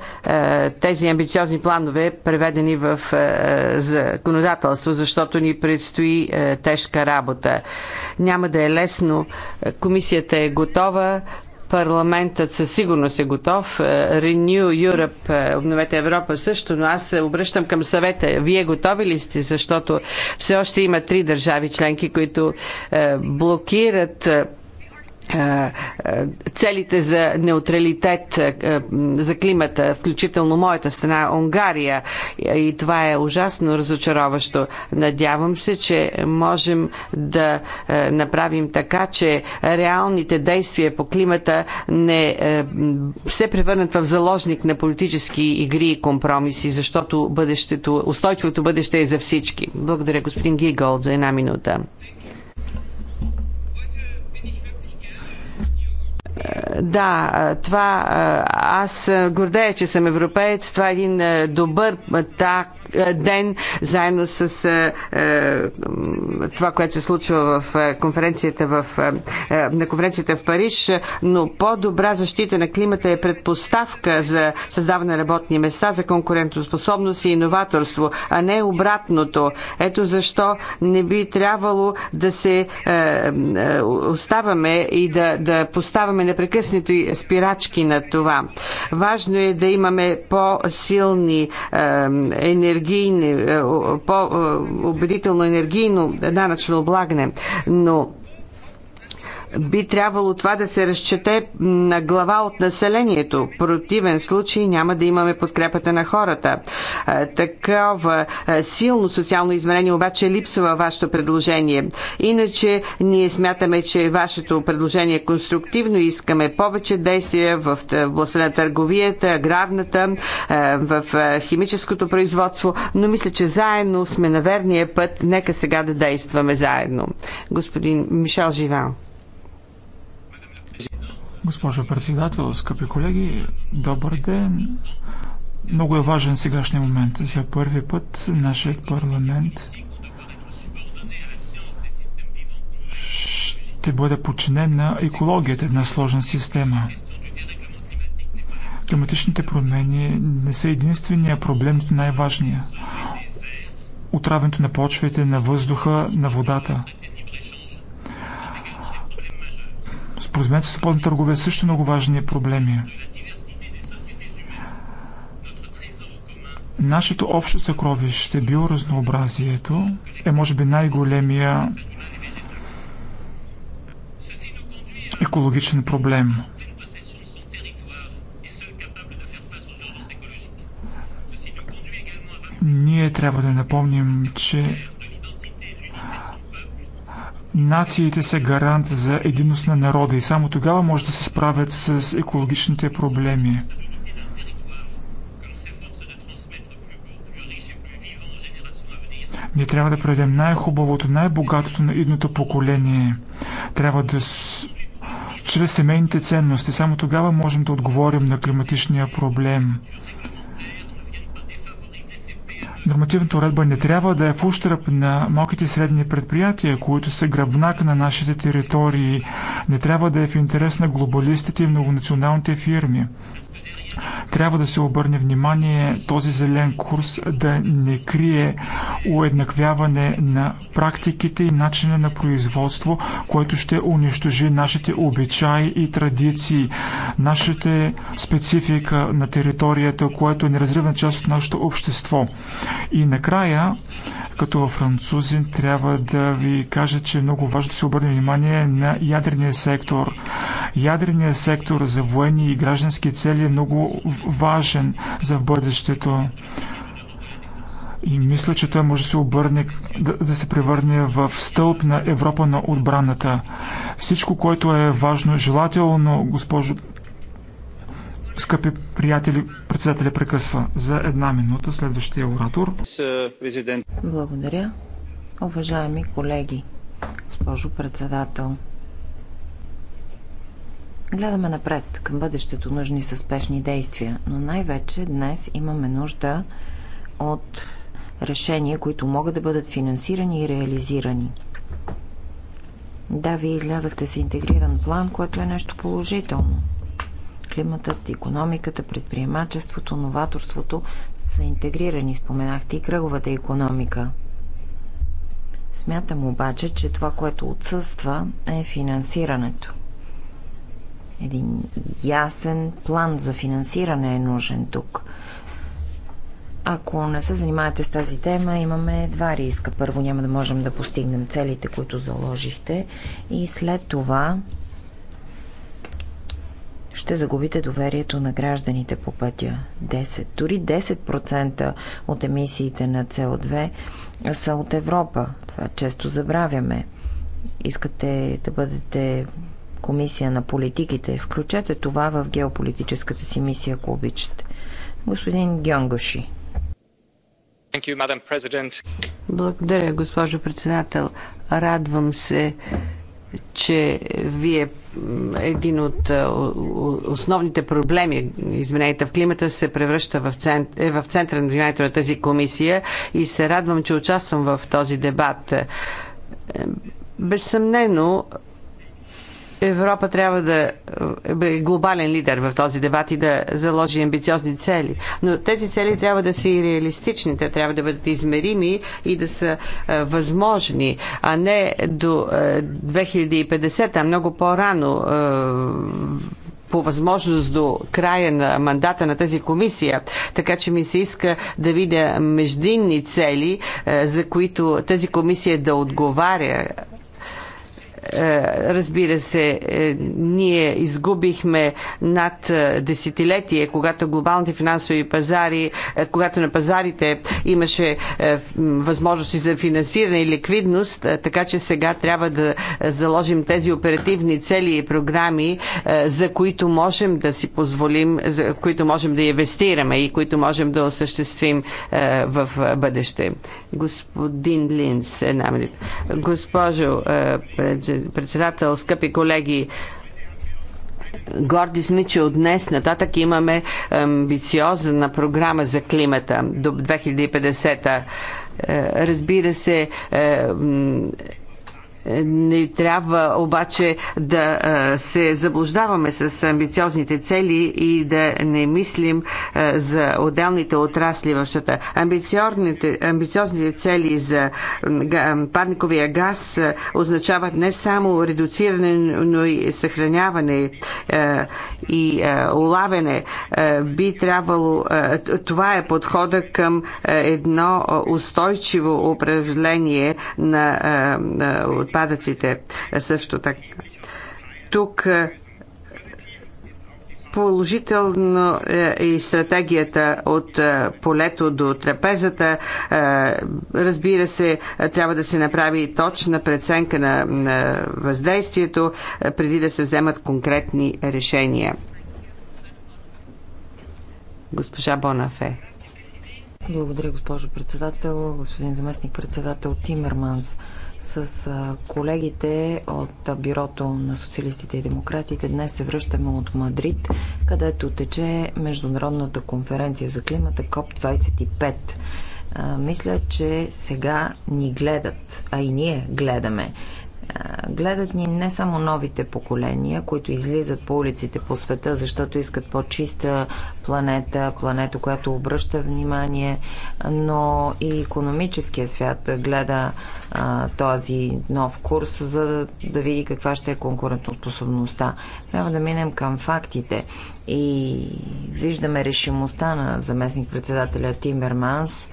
тези амбициозни планове, преведени в законодателство, защото ни предстои тежка работа. Няма да е лесно. Комисията е готова. Парламентът със сигурност е готов. Е, Renew Europe, е, обновете Европа също, но аз се обръщам към съвета. Вие готови ли сте, защото все още има три държави членки, които е, блокират е, е, целите за неутралитет е, за климата, включително моята страна Унгария. И това е ужасно разочароващо. Надявам се, че можем да направим така, че реалните действия по климата не се превърнат в заложник на политически игри и компромиси, защото бъдещето, устойчивото бъдеще е за всички. Благодаря, господин Гиголд, за една минута. Да, това аз гордея, че съм европеец. Това е един добър так, е, ден, заедно с е, е, това, което се случва в конференцията в, на конференцията в Париж, но по-добра защита на климата е предпоставка за създаване на работни места, за конкурентоспособност и иноваторство, а не обратното. Ето защо не би трябвало да се оставаме и да, да поставяме непрекъснато спирачки на това. Важно е да имаме по-силни енергии енергийни, е, по-убедително е, енергийно данъчно облагане, но би трябвало това да се разчете на глава от населението. Противен случай няма да имаме подкрепата на хората. Е, такова е, силно социално измерение обаче липсва във вашето предложение. Иначе ние смятаме, че вашето предложение е конструктивно и искаме повече действия е, в областта на търговията, аграрната, в химическото производство, но мисля, че заедно сме на верния път. Нека сега да действаме заедно. Господин Мишел Живан.
Госпожо председател, скъпи колеги, добър ден! Много е важен сегашния момент. За първи път нашият парламент ще бъде подчинен на екологията, една сложна система. Климатичните промени не са единствения проблем, най-важния. Отравянето на почвите, на въздуха, на водата – Споразумението с свободна търговия е също много важни проблеми. Нашето общо съкровище, биоразнообразието, е може би най-големия екологичен проблем. Ние трябва да напомним, че Нациите са гарант за единност на народа и само тогава може да се справят с екологичните проблеми. Ние трябва да предадем най-хубавото, най-богатото на идното поколение. Трябва да с... чрез семейните ценности. Само тогава можем да отговорим на климатичния проблем. Нормативната уредба не трябва да е в ущърп на малките и средни предприятия, които са гръбнак на нашите територии. Не трябва да е в интерес на глобалистите и многонационалните фирми. Трябва да се обърне внимание този зелен курс да не крие уеднаквяване на практиките и начина на производство, което ще унищожи нашите обичаи и традиции, нашата специфика на територията, което е неразривна част от нашето общество. И накрая, като французин, трябва да ви кажа, че е много важно да се обърне внимание на ядерния сектор. Ядрения сектор за военни и граждански цели е много важен за бъдещето. И мисля, че той може да се обърне, да, да се превърне в стълб на Европа на отбраната. Всичко, което е важно, желателно, госпожо, скъпи приятели, председателя прекъсва за една минута следващия оратор.
Благодаря. Уважаеми колеги, госпожо председател, Гледаме напред към бъдещето, нужни са спешни действия, но най-вече днес имаме нужда от решения, които могат да бъдат финансирани и реализирани. Да, вие излязахте с интегриран план, което е нещо положително. Климатът, економиката, предприемачеството, новаторството са интегрирани, споменахте и кръговата економика. Смятам обаче, че това, което отсъства, е финансирането. Един ясен план за финансиране е нужен тук. Ако не се занимавате с тази тема, имаме два риска. Първо, няма да можем да постигнем целите, които заложихте и след това ще загубите доверието на гражданите по пътя. 10, дори 10% от емисиите на со 2 са от Европа. Това често забравяме. Искате да бъдете комисия на политиките. Включете това в геополитическата си мисия, ако обичате.
Господин Гьонгоши. Благодаря, госпожо председател. Радвам се, че вие един от основните проблеми, измененията в климата, се превръща в, цент, е в центъра на вниманието на тази комисия и се радвам, че участвам в този дебат. Е, Безсъмнено, Европа трябва да е глобален лидер в този дебат и да заложи амбициозни цели. Но тези цели трябва да са и реалистични, те трябва да бъдат измерими и да са е, възможни, а не до е, 2050, а много по-рано. Е, по възможност до края на мандата на тази комисия. Така че ми се иска да видя междинни цели, е, за които тази комисия да отговаря е, разбира се, е, ние изгубихме над е, десетилетие, когато глобалните финансови пазари, когато на пазарите имаше възможности за финансиране и ликвидност, така че сега трябва да заложим тези оперативни цели и програми, за които можем да си позволим, за които можем да инвестираме и които можем да осъществим в бъдеще. Господин Линс, една минута. Госпожо председател, председател, скъпи колеги, Горди сме, че от днес нататък имаме амбициозна програма за климата до 2050. Е, разбира се, е, не трябва обаче да се заблуждаваме с амбициозните цели и да не мислим за отделните отрасли в Амбициозните, амбициозните цели за парниковия газ означават не само редуциране, но и съхраняване и улавяне. Би трябвало. Това е подхода към едно устойчиво управление на отпадъците също така. Тук Положително е и стратегията от полето до трапезата. Разбира се, трябва да се направи точна преценка на въздействието, преди да се вземат конкретни решения. Госпожа Бонафе.
Благодаря, госпожо председател, господин заместник председател Тимерманс с колегите от Бюрото на социалистите и демократите. Днес се връщаме от Мадрид, където тече Международната конференция за климата КОП-25. Мисля, че сега ни гледат, а и ние гледаме. Гледат ни не само новите поколения, които излизат по улиците по света, защото искат по-чиста планета, планета, която обръща внимание, но и економическия свят гледа а, този нов курс, за да, да види каква ще е конкурентоспособността. Трябва да минем към фактите и виждаме решимостта на заместник-председателя Тимерманс. Манс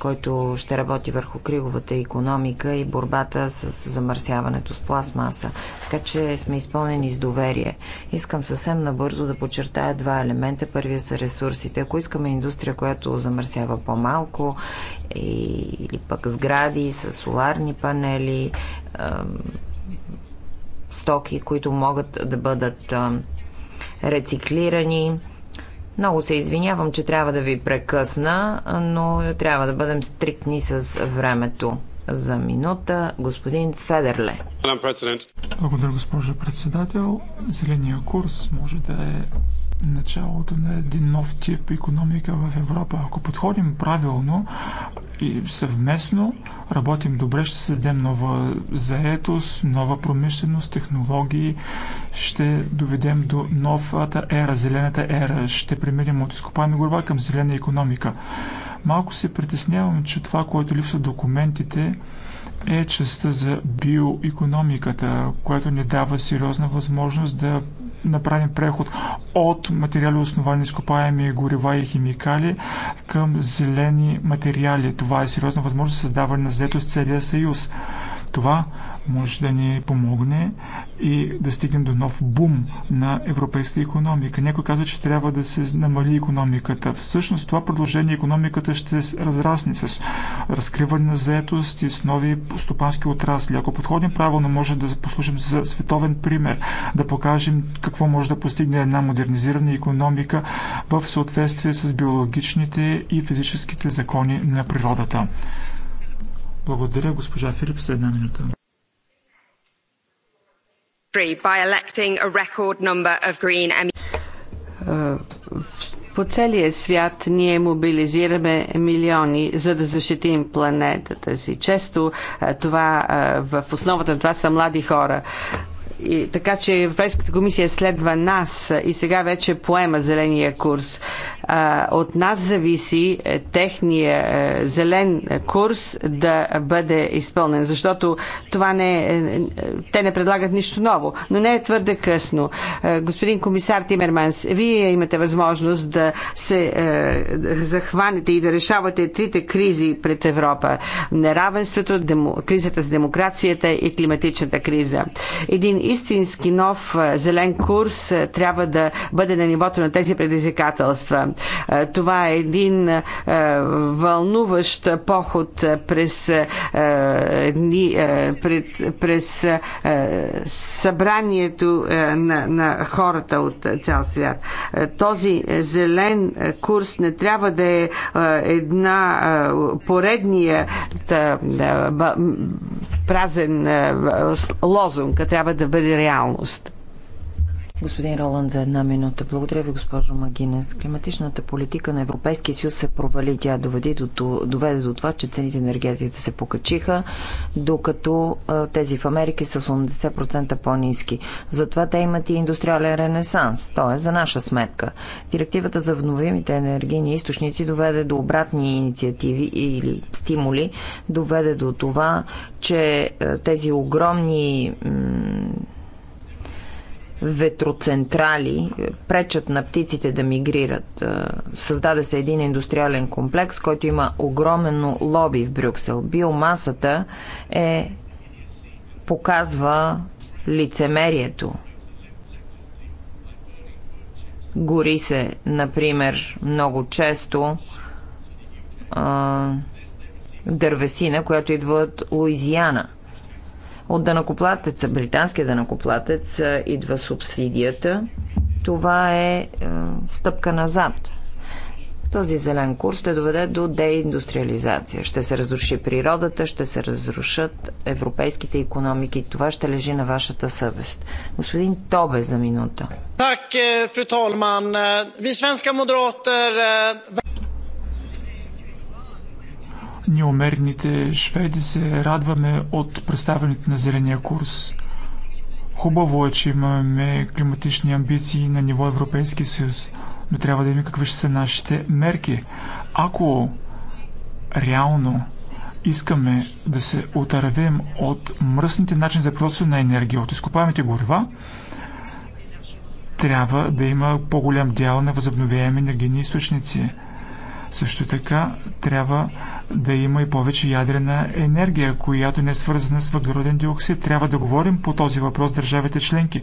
който ще работи върху криговата економика и борбата с замърсяването с пластмаса. Така че сме изпълнени с доверие. Искам съвсем набързо да подчертая два елемента. Първия са ресурсите. Ако искаме индустрия, която замърсява по-малко или пък сгради с соларни панели, стоки, които могат да бъдат рециклирани, много се извинявам, че трябва да ви прекъсна, но трябва да бъдем стриктни с времето за минута господин Федерле.
Благодаря, госпожо председател. Зеления курс може да е началото на един нов тип економика в Европа. Ако подходим правилно и съвместно, работим добре, ще създадем нова заетост, нова промишленост, технологии, ще доведем до новата ера, зелената ера, ще премерим от изкопаеми горба към зелена економика. Малко се притеснявам, че това, което липсва документите, е частта за биоекономиката, която ни дава сериозна възможност да направим преход от материали основани изкопаеми горива и химикали към зелени материали. Това е сериозна възможност за създаване на заетост в целия съюз. Това може да ни помогне и да стигнем до нов бум на европейската економика. Някой каза, че трябва да се намали економиката. Всъщност това предложение економиката ще се разрасне с разкриване на заетост и с нови стопански отрасли. Ако подходим правилно, може да послушам за световен пример, да покажем какво може да постигне една модернизирана економика в съответствие с биологичните и физическите закони на природата. Благодаря, госпожа Филип, за една минута. По целия свят
ние мобилизираме милиони, за да защитим планетата си. Често това, в основата на това са млади хора. И, така че Европейската комисия следва нас и сега вече поема зеления курс от нас зависи е, техния е, зелен курс да бъде изпълнен, защото това не е, е, те не предлагат нищо ново, но не е твърде късно. господин комисар Тимерманс, вие имате възможност да се е, захванете и да решавате трите кризи пред Европа. Неравенството, демо, кризата с демокрацията и климатичната криза. Един истински нов зелен курс трябва да бъде на нивото на тези предизвикателства. Е, това е един е, вълнуващ поход през, е, през събранието на, на хората от цял свят. Този зелен курс не трябва да е една поредния празен лозунг, а трябва да бъде реалност.
Господин Роланд за една минута. Благодаря ви, госпожо Магинес. Климатичната политика на Европейския съюз се провали. Тя доведе до, доведе до това, че цените на енергетиката се покачиха, докато а, тези в Америка са с 80% по-низки. Затова те имат и индустриален ренесанс. То е за наша сметка. Директивата за вновимите енергийни източници доведе до обратни инициативи или стимули, доведе до това, че а, тези огромни ветроцентрали пречат на птиците да мигрират. Е, създаде се един индустриален комплекс, който има огромен лоби в Брюксел. Биомасата е показва лицемерието. Гори се, например, много често а, е, дървесина, която идва от Луизиана – от данакоплатеца, британския данакоплатец, идва субсидията. Това е, е стъпка назад. Този зелен курс ще доведе до деиндустриализация. Ще се разруши природата, ще се разрушат европейските економики. Това ще лежи на вашата съвест. Господин Тобе
за минута.
Так, е, фру Талман. Е, ви, свенска модератор, е,
ние, шведи, се радваме от представянето на зеления курс. Хубаво е, че имаме климатични амбиции на ниво Европейски съюз, но трябва да видим какви ще са нашите мерки. Ако реално искаме да се отървем от мръсните начини за производство на енергия, от изкопаемите горива, трябва да има по-голям дял на възобновяеми енергийни източници – също така трябва да има и повече ядрена енергия, която не е свързана с въглероден диоксид. Трябва да говорим по този въпрос държавите членки.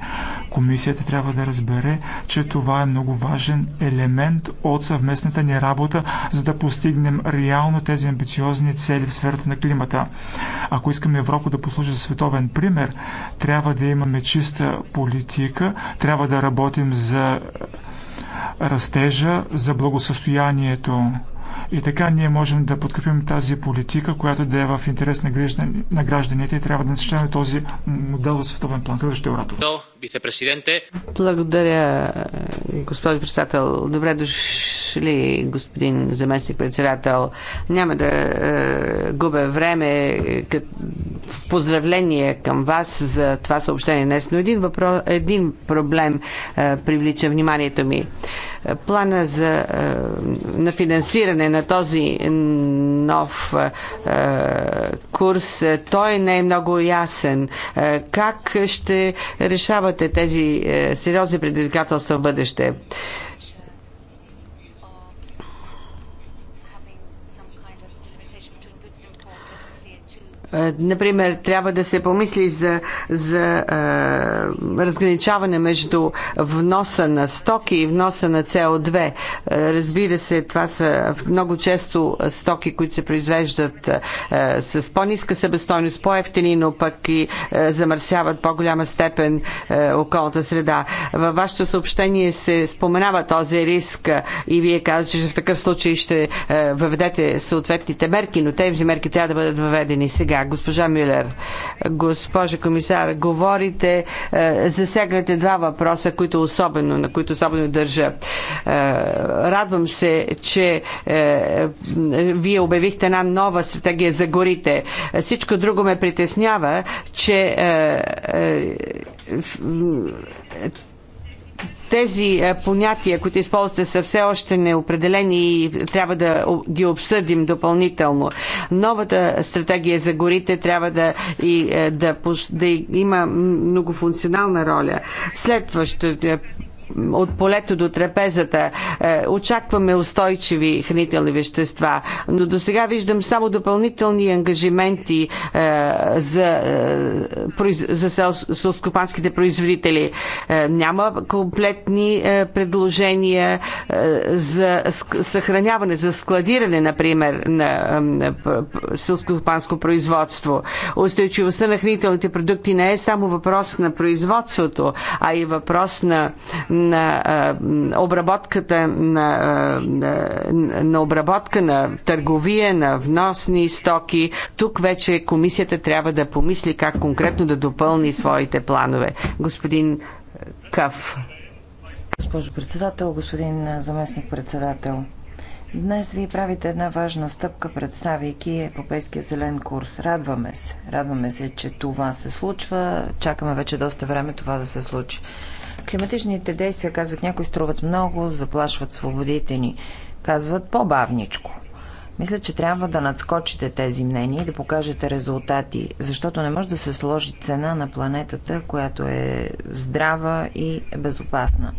Комисията трябва да разбере, че това е много важен елемент от съвместната ни работа, за да постигнем реално тези амбициозни цели в сферата на климата. Ако искаме Европа да послужи за световен пример, трябва да имаме чиста политика, трябва да работим за растежа, за благосъстоянието. И така ние можем да подкрепим тази политика, която да е в интерес на, граждан, на гражданите и трябва да насъщаме този модел в световен план. Следващия оратор. Благодаря, господин председател. Добре дошли,
господин заместник председател. Няма да е, губя време като поздравление към вас за това съобщение днес, но един, въпрос, един проблем е, привлича вниманието ми. Е, Плана за, е, на финансиране на този нов е, е, курс, той не е много ясен. Как ще решавате тези сериозни предизвикателства в бъдеще? Е, например, трябва да се помисли за, за е, разграничаване между вноса на стоки и вноса на СО2. Е, разбира се, това са много често стоки, които се произвеждат е, с по-ниска себестойност, по-ефтини, но пък и е, замърсяват по-голяма степен е, околната среда. Във вашето съобщение се споменава този риск е, и вие казвате, че в такъв случай ще е, въведете съответните мерки, но тези мерки трябва да бъдат въведени сега тях. Госпожа Мюлер, госпожа комисар, говорите, е, засягате два въпроса, които особено, на които особено държа. Е, радвам се, че е, вие обявихте една нова стратегия за горите. Всичко друго ме притеснява, че тези е, понятия, които използвате, са все още неопределени и трябва да ги обсъдим допълнително. Новата стратегия за горите трябва да, и, е, да, да има многофункционална роля. Следващото е, от полето до трапезата. Е, очакваме устойчиви хранителни вещества, но до сега виждам само допълнителни ангажименти е, за, е, за селскопанските производители. Няма комплетни предложения за съхраняване, за складиране, например, на селскопанско производство. Устойчивостта на хранителните продукти не е само въпрос на производството, а и въпрос на на обработката на, на обработка на търговия, на вносни стоки. Тук вече комисията трябва да помисли как конкретно да допълни своите планове. Господин Кав.
Госпожо председател, господин заместник председател. Днес вие правите една важна стъпка, представяйки Европейския зелен курс. Радваме се. Радваме се, че това се случва. Чакаме вече доста време това да се случи. Климатичните действия, казват някои, струват много, заплашват свободите ни. Казват по-бавничко. Мисля, че трябва да надскочите тези мнения и да покажете резултати, защото не може да се сложи цена на планетата, която е здрава и безопасна.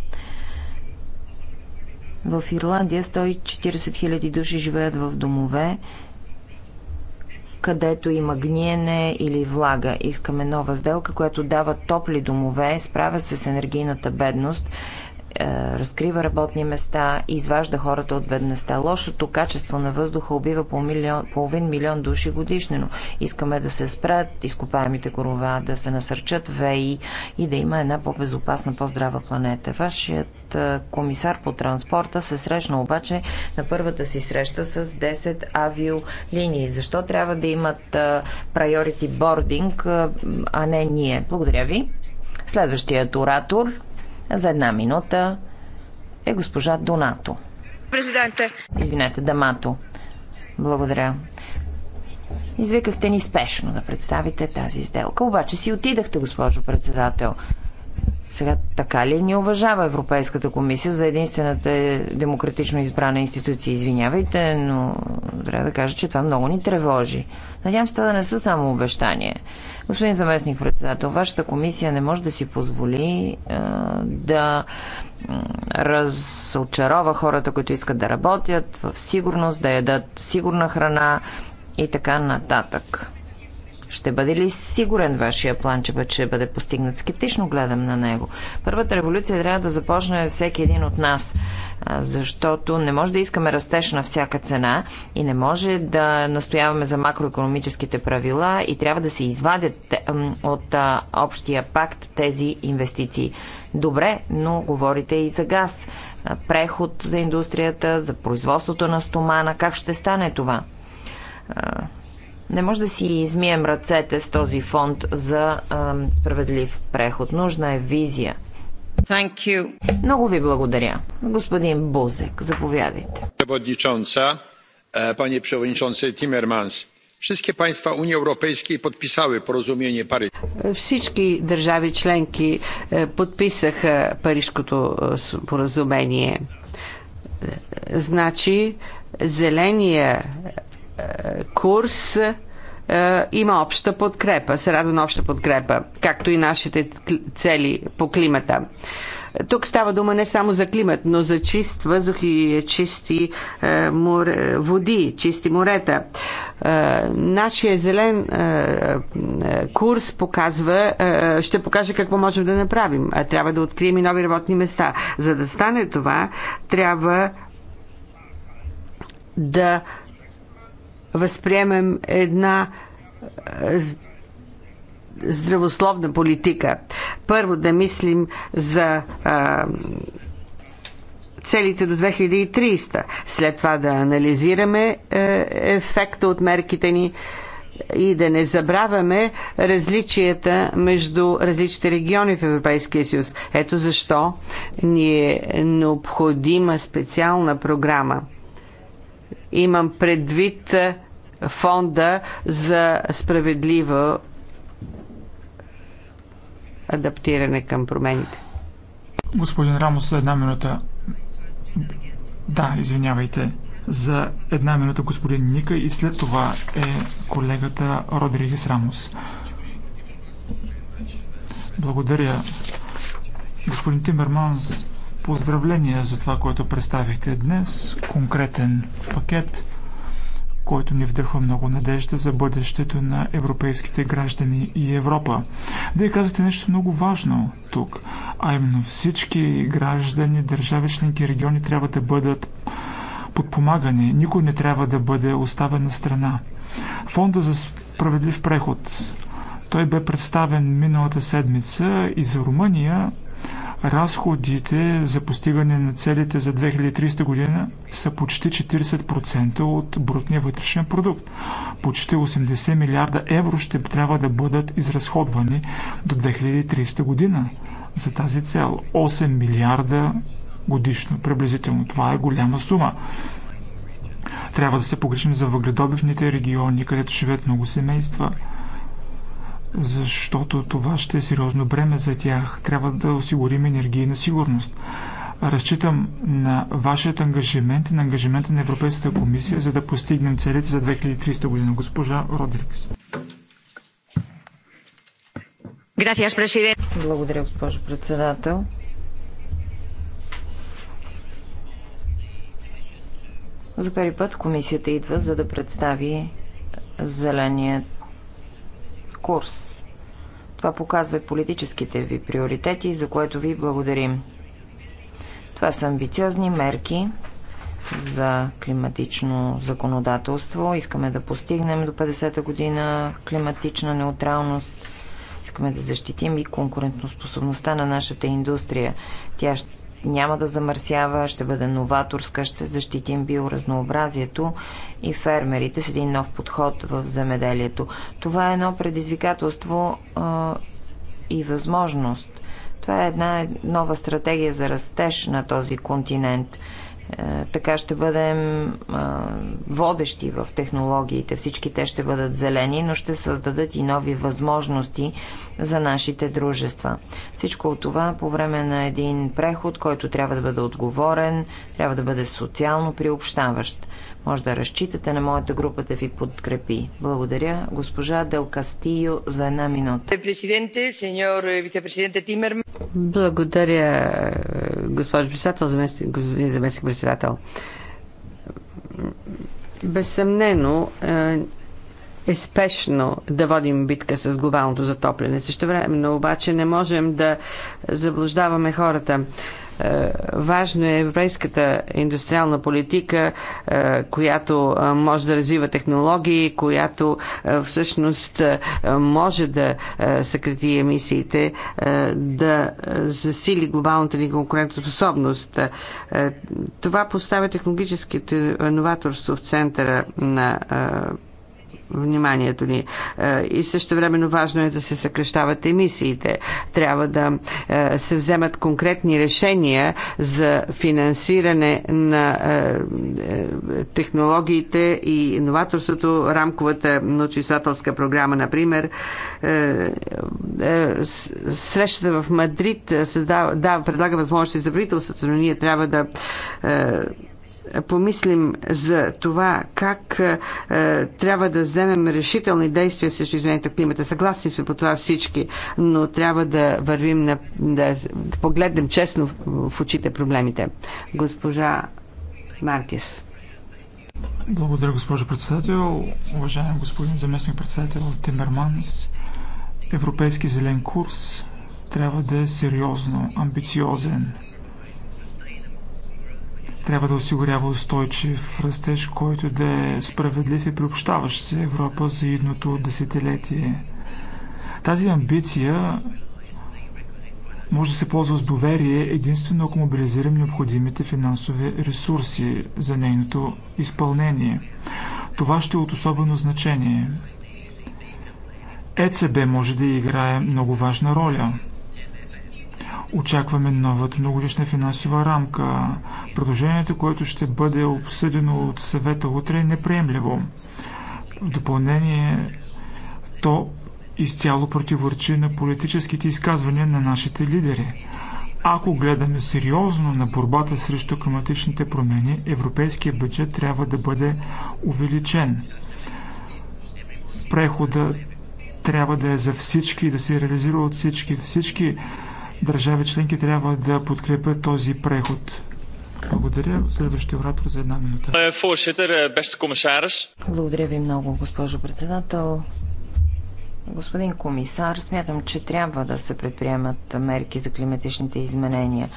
В Ирландия 140 000 души живеят в домове, където има гниене или влага. Искаме нова сделка, която дава топли домове, справя се с енергийната бедност е, разкрива работни места и изважда хората от бедността. Лошото качество на въздуха убива по милион, половин милион души годишнено. Искаме да се спрат изкопаемите горова, да се насърчат ВЕИ и да има една по-безопасна, по-здрава планета. Вашият е, комисар по транспорта се срещна обаче на първата си среща с 10 авиолинии. Защо трябва да имат е, priority boarding, а не ние? Благодаря ви. Следващият оратор – за една минута е госпожа Донато. Президенте. Извинете, Дамато. Благодаря. Извикахте ни спешно да представите тази сделка. Обаче си отидахте, госпожо председател. Сега така ли ни уважава Европейската комисия за единствената демократично избрана институция? Извинявайте, но трябва да кажа, че това много ни тревожи. Надявам се това да не са само обещания. Господин заместник председател, вашата комисия не може да си позволи а, да разочарова хората, които искат да работят в сигурност, да ядат сигурна храна и така нататък. Ще бъде ли сигурен вашия план, че ще бъде постигнат? Скептично гледам на него. Първата революция трябва да започне всеки един от нас защото не може да искаме растеж на всяка цена и не може да настояваме за макроекономическите правила и трябва да се извадят от общия пакт тези инвестиции. Добре, но говорите и за газ. Преход за индустрията, за производството на стомана. Как ще стане това? Не може да си измием ръцете с този фонд за справедлив преход. Нужна е визия – Thank you. Много ви благодаря. Господин Бузек, заповядайте. Преводничонца, пане преводничонце Тимерманс, всички państwa Unii Europejskiej подписали поразумение Париж.
Всички държави членки e, подписаха Парижското e, поразумение. Значи, зеления e, курс е, има обща подкрепа, се радва на обща подкрепа, както и нашите цели по климата. Тук става дума не само за климат, но за чист въздух и чисти е, море, води, чисти морета. Е, нашия зелен е, е курс показва, е, ще покаже какво можем да направим. Е, трябва да открием и нови работни места. За да стане това, трябва да възприемем една е, здравословна политика. Първо да мислим за а, целите до 2300, след това да анализираме е, ефекта от мерките ни и да не забравяме различията между различните региони в Европейския съюз. Ето защо ни е необходима специална програма Имам предвид е, фонда за справедливо адаптиране към промените.
Господин Рамос, за една минута. Да, извинявайте. За една минута господин Ника и след това е колегата Родригес Рамос. Благодаря. Господин Тимерманс, Поздравления за това, което представихте днес. Конкретен пакет, който ни вдъхва много надежда за бъдещето на европейските граждани и Европа. Вие казвате нещо много важно тук, а именно всички граждани, държави, членки, региони трябва да бъдат подпомагани. Никой не трябва да бъде оставен на страна. Фонда за справедлив преход. Той бе представен миналата седмица и за Румъния Разходите за постигане на целите за 2300 година са почти 40% от брутния вътрешен продукт. Почти 80 милиарда евро ще трябва да бъдат изразходвани до 2300 година за тази цел. 8 милиарда годишно приблизително. Това е голяма сума. Трябва да се погрешим за въгледобивните региони, където живеят много семейства – защото това ще е сериозно бреме за тях. Трябва да осигурим енергийна сигурност. Разчитам на вашият ангажимент и на ангажимента на Европейската комисия, за да постигнем целите за 2300 година. Госпожа Родрикс.
Благодаря, госпожо председател. За първи път комисията идва, за да представи зеленият курс. Това показва и политическите ви приоритети, за което ви благодарим. Това са амбициозни мерки за климатично законодателство. Искаме да постигнем до 50-та година климатична неутралност. Искаме да защитим и конкурентоспособността на нашата индустрия. Тя ще няма да замърсява, ще бъде новаторска, ще защитим биоразнообразието и фермерите с един нов подход в земеделието. Това е едно предизвикателство а, и възможност. Това е една нова стратегия за растеж на този континент. Е, така ще бъдем водещи в технологиите. Всички те ще бъдат зелени, но ще създадат и нови възможности за нашите дружества. Всичко от това по време на един преход, който трябва да бъде отговорен, трябва да бъде социално приобщаващ. Може да разчитате на моята група да ви подкрепи. Благодаря, госпожа Дел Кастио,
за една минута. Благодаря, госпожо председател, господин заместник председател. Безсъмнено е, е спешно да водим битка с глобалното затопляне. Също време, но обаче не можем да заблуждаваме хората. Е, важно е европейската индустриална политика, е, която е, може да развива технологии, която всъщност може да съкрати емисиите, да засили глобалната ни конкурентоспособност. Това поставя технологическото новаторство в центъра на вниманието ни. Е, и също времено важно е да се съкрещават емисиите. Трябва да е, се вземат конкретни решения за финансиране на е, технологиите и новаторството, рамковата научно-изследователска програма, например. Срещата в Мадрид създава, да, предлага възможности за правителството, но ние трябва да помислим за това как е, е, трябва да вземем решителни действия срещу изменението в климата. Съгласни сме по това всички, но трябва да вървим на, да погледнем честно в очите проблемите. Госпожа Маркес.
Благодаря, госпожо председател. Уважаем господин заместник председател Тимерманс, Европейски зелен курс трябва да е сериозно амбициозен трябва да осигурява устойчив растеж, който да е справедлив и приобщаващ се Европа за едното десетилетие. Тази амбиция може да се ползва с доверие единствено ако мобилизирам необходимите финансови ресурси за нейното изпълнение. Това ще е от особено значение. ЕЦБ може да играе много важна роля – Очакваме новата многогодишна финансова рамка. Продължението, което ще бъде обсъдено от съвета утре, е неприемливо. В допълнение, то изцяло противоречи на политическите изказвания на нашите лидери. Ако гледаме сериозно на борбата срещу климатичните промени, европейския бюджет трябва да бъде увеличен. Прехода трябва да е за всички и да се реализира от всички. Всички държави членки трябва да подкрепят този преход. Благодаря. Следващия оратор за една минута. Е, е, Благодаря ви много, госпожо председател.
Господин комисар, смятам, че трябва да се предприемат мерки за климатичните изменения.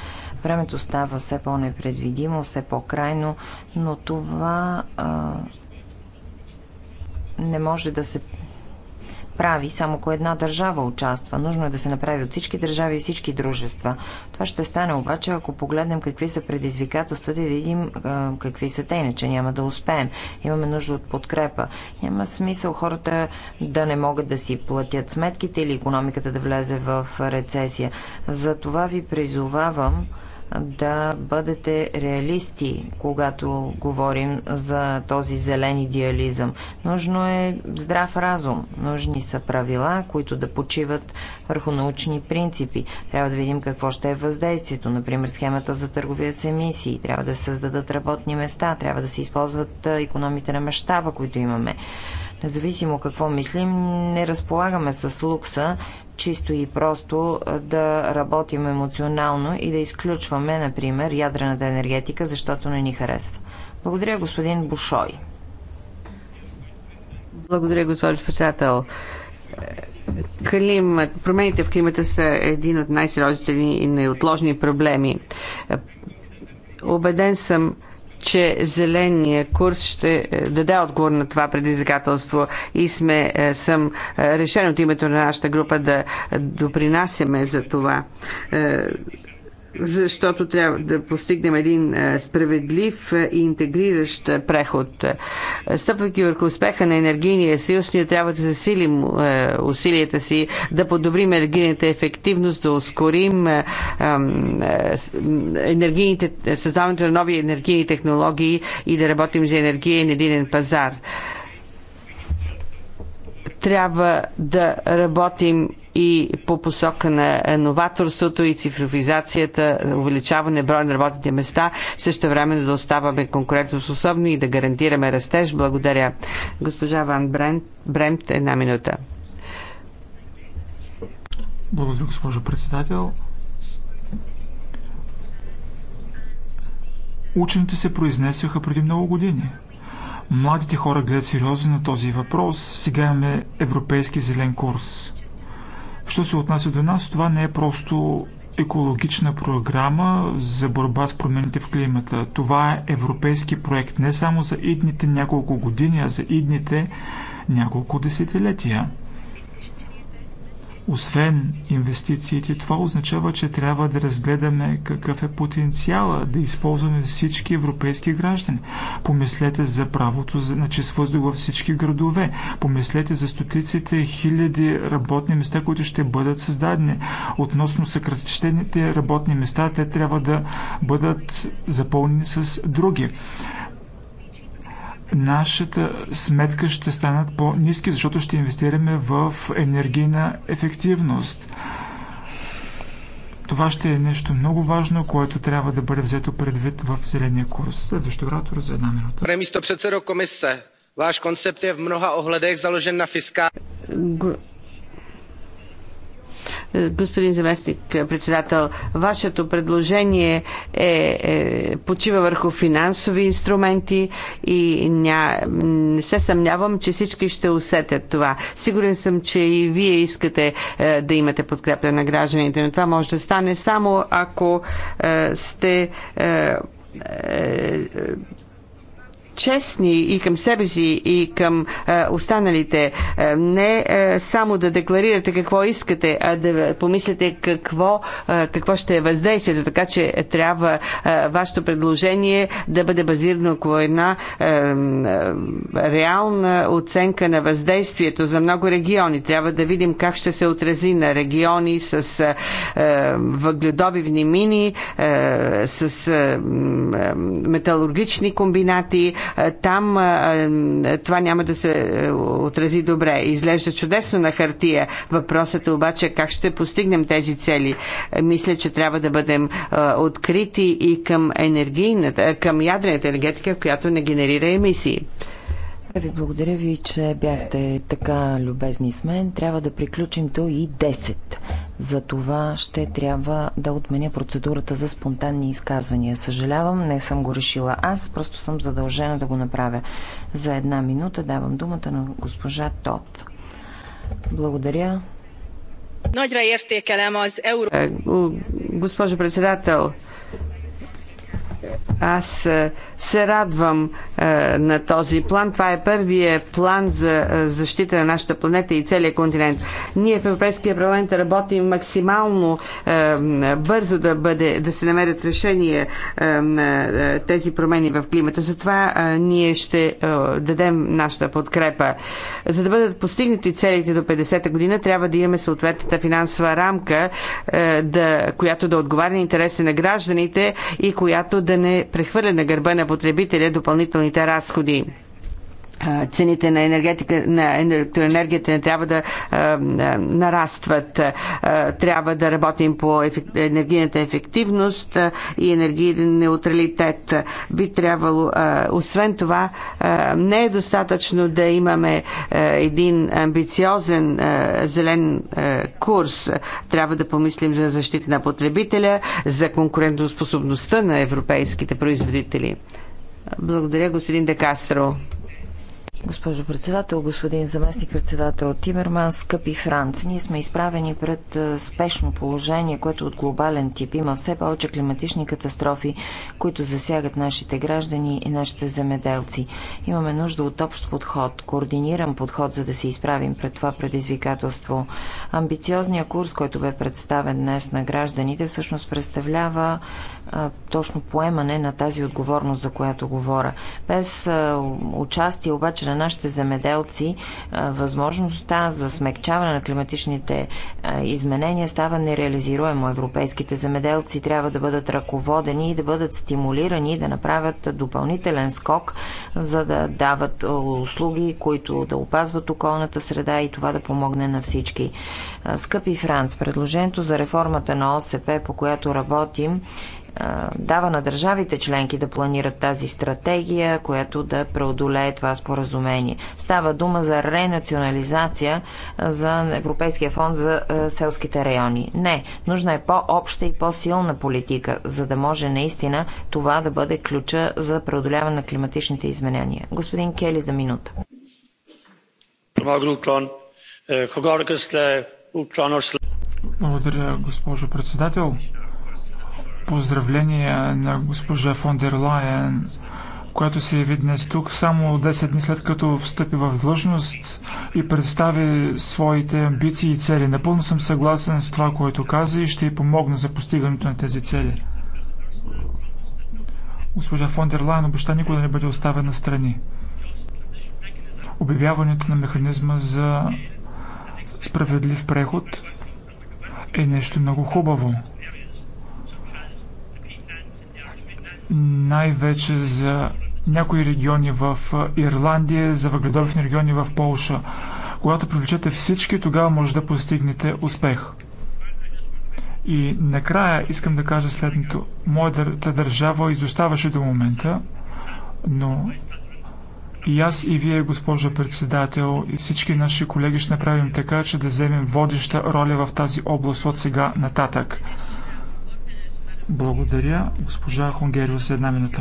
Времето става все по-непредвидимо, все по-крайно, но това а, не може да се прави само ако една държава участва. Нужно е да се направи от всички държави и всички дружества. Това ще стане обаче, ако погледнем какви са предизвикателствата и видим а, какви са те, иначе няма да успеем. Имаме нужда от подкрепа. Няма смисъл хората да не могат да си платят сметките или економиката да влезе в рецесия. За това ви призовавам да бъдете реалисти, когато говорим за този зелен идеализъм. Нужно е здрав разум, нужни са правила, които да почиват върху научни принципи. Трябва да видим какво ще е въздействието, например схемата за търговия с емисии. Трябва да се създадат работни места, трябва да се използват економите на мащаба, които имаме независимо какво мислим, не разполагаме с лукса чисто и просто да работим емоционално и да изключваме, например, ядрената енергетика, защото не ни харесва. Благодаря, господин
Бушой. Благодаря, госпожо председател. Халим, промените в климата са един от най-сериозните и неотложни проблеми. Обеден съм, че зеления курс ще е, даде отговор на това предизвикателство и сме, е, съм е, решен от името на нашата група да допринасяме за това защото трябва да постигнем един е, справедлив е, и интегриращ е, преход. Стъпвайки върху успеха на енергийния съюз, ние трябва да засилим усилията си, да подобрим енергийната ефективност, да ускорим енергийните, създаването на нови енергийни технологии и да работим за енергиен единен пазар. Трябва да работим и по посока на новаторството и цифровизацията, увеличаване броя на работните места, също време да оставаме конкурентоспособни и да гарантираме растеж. Благодаря. Госпожа Ван Бремт, Бремт една минута.
Благодаря, госпожо председател. Учените се произнесяха преди много години – Младите хора гледат сериозно на този въпрос. Сега имаме европейски зелен курс. Що се отнася до нас, това не е просто екологична програма за борба с промените в климата. Това е европейски проект не само за идните няколко години, а за идните няколко десетилетия. Освен инвестициите, това означава, че трябва да разгледаме какъв е потенциала да използваме всички европейски граждани. Помислете за правото на чист въздух във всички градове. Помислете за стотиците хиляди работни места, които ще бъдат създадени. Относно съкратените работни места, те трябва да бъдат запълнени с други нашата сметка ще станат по-низки, защото ще инвестираме в енергийна ефективност. Това ще е нещо много важно, което трябва да бъде взето предвид в зеления курс. Следващо оратор за една минута.
Премисто
председател комисия, ваш концепт е в много огледах заложен на фискал...
Господин заместник председател, вашето предложение е, е, почива върху финансови инструменти и ня, не се съмнявам, че всички ще усетят това. Сигурен съм, че и вие искате е, да имате подкрепа на гражданите, но това може да стане само ако е, сте. Е, е честни и към себе си, и към е, останалите. Е, не е, само да декларирате какво искате, а да помислите какво, е, какво ще е въздействието. Така че трябва е, вашето предложение да бъде базирано около една е, е, реална оценка на въздействието за много региони. Трябва да видим как ще се отрази на региони с е, е въгледобивни мини, е, с е, е металургични комбинати, е, там е, е, това няма да се отрази добре. Излежда чудесно на хартия. Въпросът е обаче как ще постигнем тези цели. Мисля, че трябва да бъдем открити и към енергийната, към ядрената енергетика, която не генерира емисии.
Е, ви благодаря ви, че бяхте така любезни с мен. Трябва да приключим до и 10. За това ще трябва да отменя процедурата за спонтанни изказвания. Съжалявам, не съм го решила аз, просто съм задължена да го направя. За една минута давам думата на госпожа Тот. Благодаря. Е,
госпожо председател, аз е, се радвам е, на този план. Това е първия план за е, защита на нашата планета и целият континент. Ние в Европейския парламент работим максимално е, бързо да, бъде, да се намерят решения е, на е, тези промени в климата. Затова е, ние ще е, дадем нашата подкрепа. За да бъдат постигнати целите до 50-та година, трябва да имаме съответната финансова рамка, е, да, която да отговаря на интереси на гражданите и която да не прехвърля на гърба на потребителя допълнителните разходи цените на, енергетика, на електроенергията не трябва да а, нарастват. А, трябва да работим по енергийната ефективност а, и енергиен неутралитет. Би трябвало, а, освен това, а, не е достатъчно да имаме а, един амбициозен а, зелен а, курс. Трябва да помислим за защита на потребителя, за конкурентоспособността на европейските производители. Благодаря, господин Декастро.
Госпожо председател, господин заместник председател Тимерман, скъпи Франци, ние сме изправени пред спешно положение, което от глобален тип има все повече климатични катастрофи, които засягат нашите граждани и нашите земеделци. Имаме нужда от общ подход, координиран подход, за да се изправим пред това предизвикателство. Амбициозният курс, който бе представен днес на гражданите, всъщност представлява точно поемане на тази отговорност, за която говоря. Без участие обаче на нашите земеделци, възможността за смягчаване на климатичните изменения става нереализируемо. Европейските земеделци трябва да бъдат ръководени и да бъдат стимулирани да направят допълнителен скок, за да дават услуги, които да опазват околната среда и това да помогне на всички. Скъпи Франц, предложението за реформата на ОСП, по която работим, дава на държавите членки да планират тази стратегия, която да преодолее това споразумение. Става дума за ренационализация за Европейския фонд за селските райони. Не, нужна е по-обща и по-силна политика, за да може наистина това да бъде ключа за преодоляване на климатичните изменения.
Господин Кели за минута. Благодаря, госпожо председател. Поздравления на госпожа фон дер Лайен, която се яви днес тук, само 10 дни след като встъпи в длъжност и представи своите амбиции и цели. Напълно съм съгласен с това, което каза и ще й помогна за постигането на тези цели. Госпожа фон дер Лайен обеща никога да не бъде оставена страни. Обявяването на механизма за справедлив преход е нещо много хубаво. най-вече за някои региони в Ирландия, за въгледобивни региони в Полша. Когато привлечете всички, тогава може да постигнете успех. И накрая искам да кажа следното. Моята държава изоставаше до момента, но и аз и вие, госпожо председател, и всички наши колеги ще направим така, че да вземем водеща роля в тази област от сега нататък. Благодаря. Госпожа с една минута.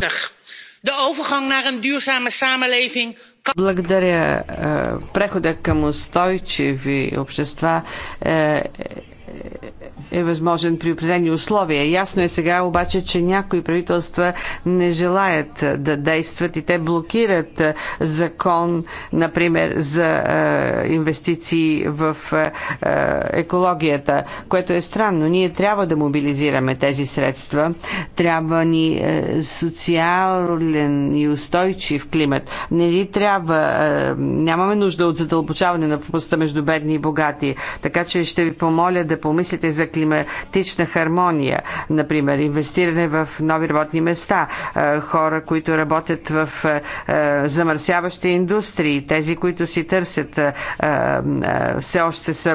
Благодаря. Е, прехода към устойчиви общества е е, е възможен при определени условия. Ясно е сега обаче, че някои правителства не желаят да действат и те блокират е, закон, например, за е, инвестиции в екологията, което е странно. Ние трябва да мобилизираме тези средства. Трябва ни социален и устойчив климат. Не ли трябва, нямаме нужда от задълбочаване на пропаста между бедни и богати. Така че ще ви помоля да да помислите за климатична хармония, например, инвестиране в нови работни места, хора, които работят в замърсяващи индустрии, тези, които си търсят все още са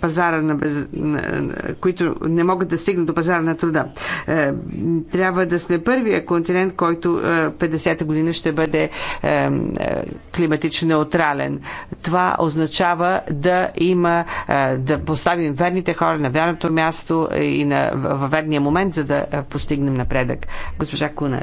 пазара на без... които не могат да стигнат до пазара на труда. Трябва да сме първия континент, който 50-та година ще бъде климатично неутрален. Това означава да има да поставим верните хора на вярното място и на, във верния момент, за да постигнем напредък. Госпожа Куна.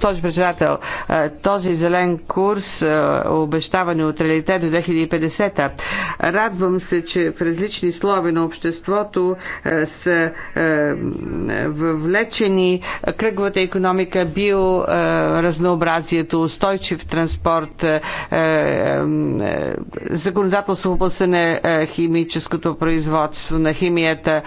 Този председател, е, този зелен курс е, обещава неутралитет до 2050-та. Радвам се, че в различни слови на обществото е, са влечени кръговата економика, биоразнообразието, устойчив транспорт, законодателство в областта на химическото производство, на химията,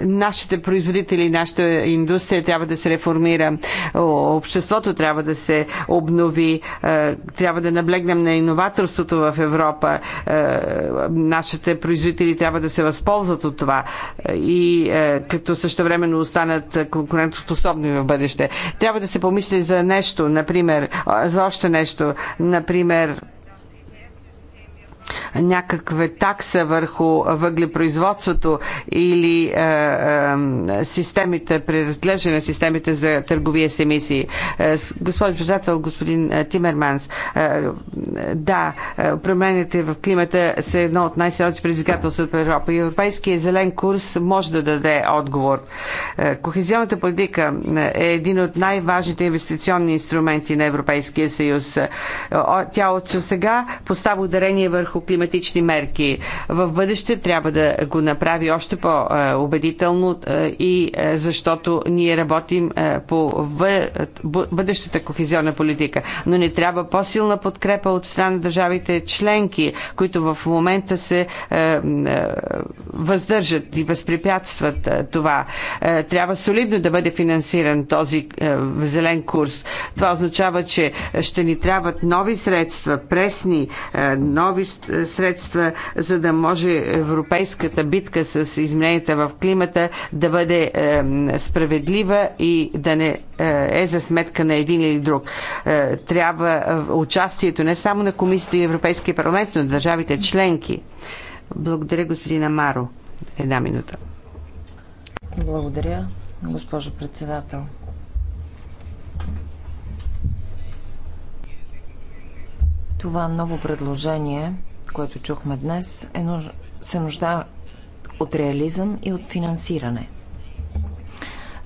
нашите производители, нашата индустрия трябва да се реформира, обществото трябва да се обнови, е, трябва да наблегнем на иноваторството в Европа, е, нашите производители трябва да се възползват от това е, и като същевременно останат конкурентоспособни в бъдеще. Трябва да се помисли за нещо, например, за още нещо, например, някаква такса върху въглепроизводството или е, е, системите, преразглеждане на системите за търговия с емисии. Е, госпожо председател, господин е, Тимерманс, е, е да, е, промените в климата са едно от най-сериозните предизвикателства в Европа. Европейския зелен курс може да даде отговор. Е, кохезионната политика е един от най-важните инвестиционни инструменти на Европейския съюз. Тя от сега поставя ударение върху върху климатични мерки. В бъдеще трябва да го направи още по-убедително е, и е, защото ние работим е, по бъдещата кохезионна политика. Но не трябва по-силна подкрепа от страна на държавите членки, които в момента се въздържат и възпрепятстват това. Трябва солидно да бъде финансиран този зелен курс. Това означава, че ще ни трябват нови средства, пресни, нови средства, за да може европейската битка с измененията в климата да бъде е, справедлива и да не е, е за сметка на един или друг. Е, трябва участието не само на Комисията и Европейския парламент, но на държавите членки. Благодаря, господин Амаро. Една минута.
Благодаря, госпожо председател. Това ново предложение което чухме днес, е нуж... се нужда от реализъм и от финансиране.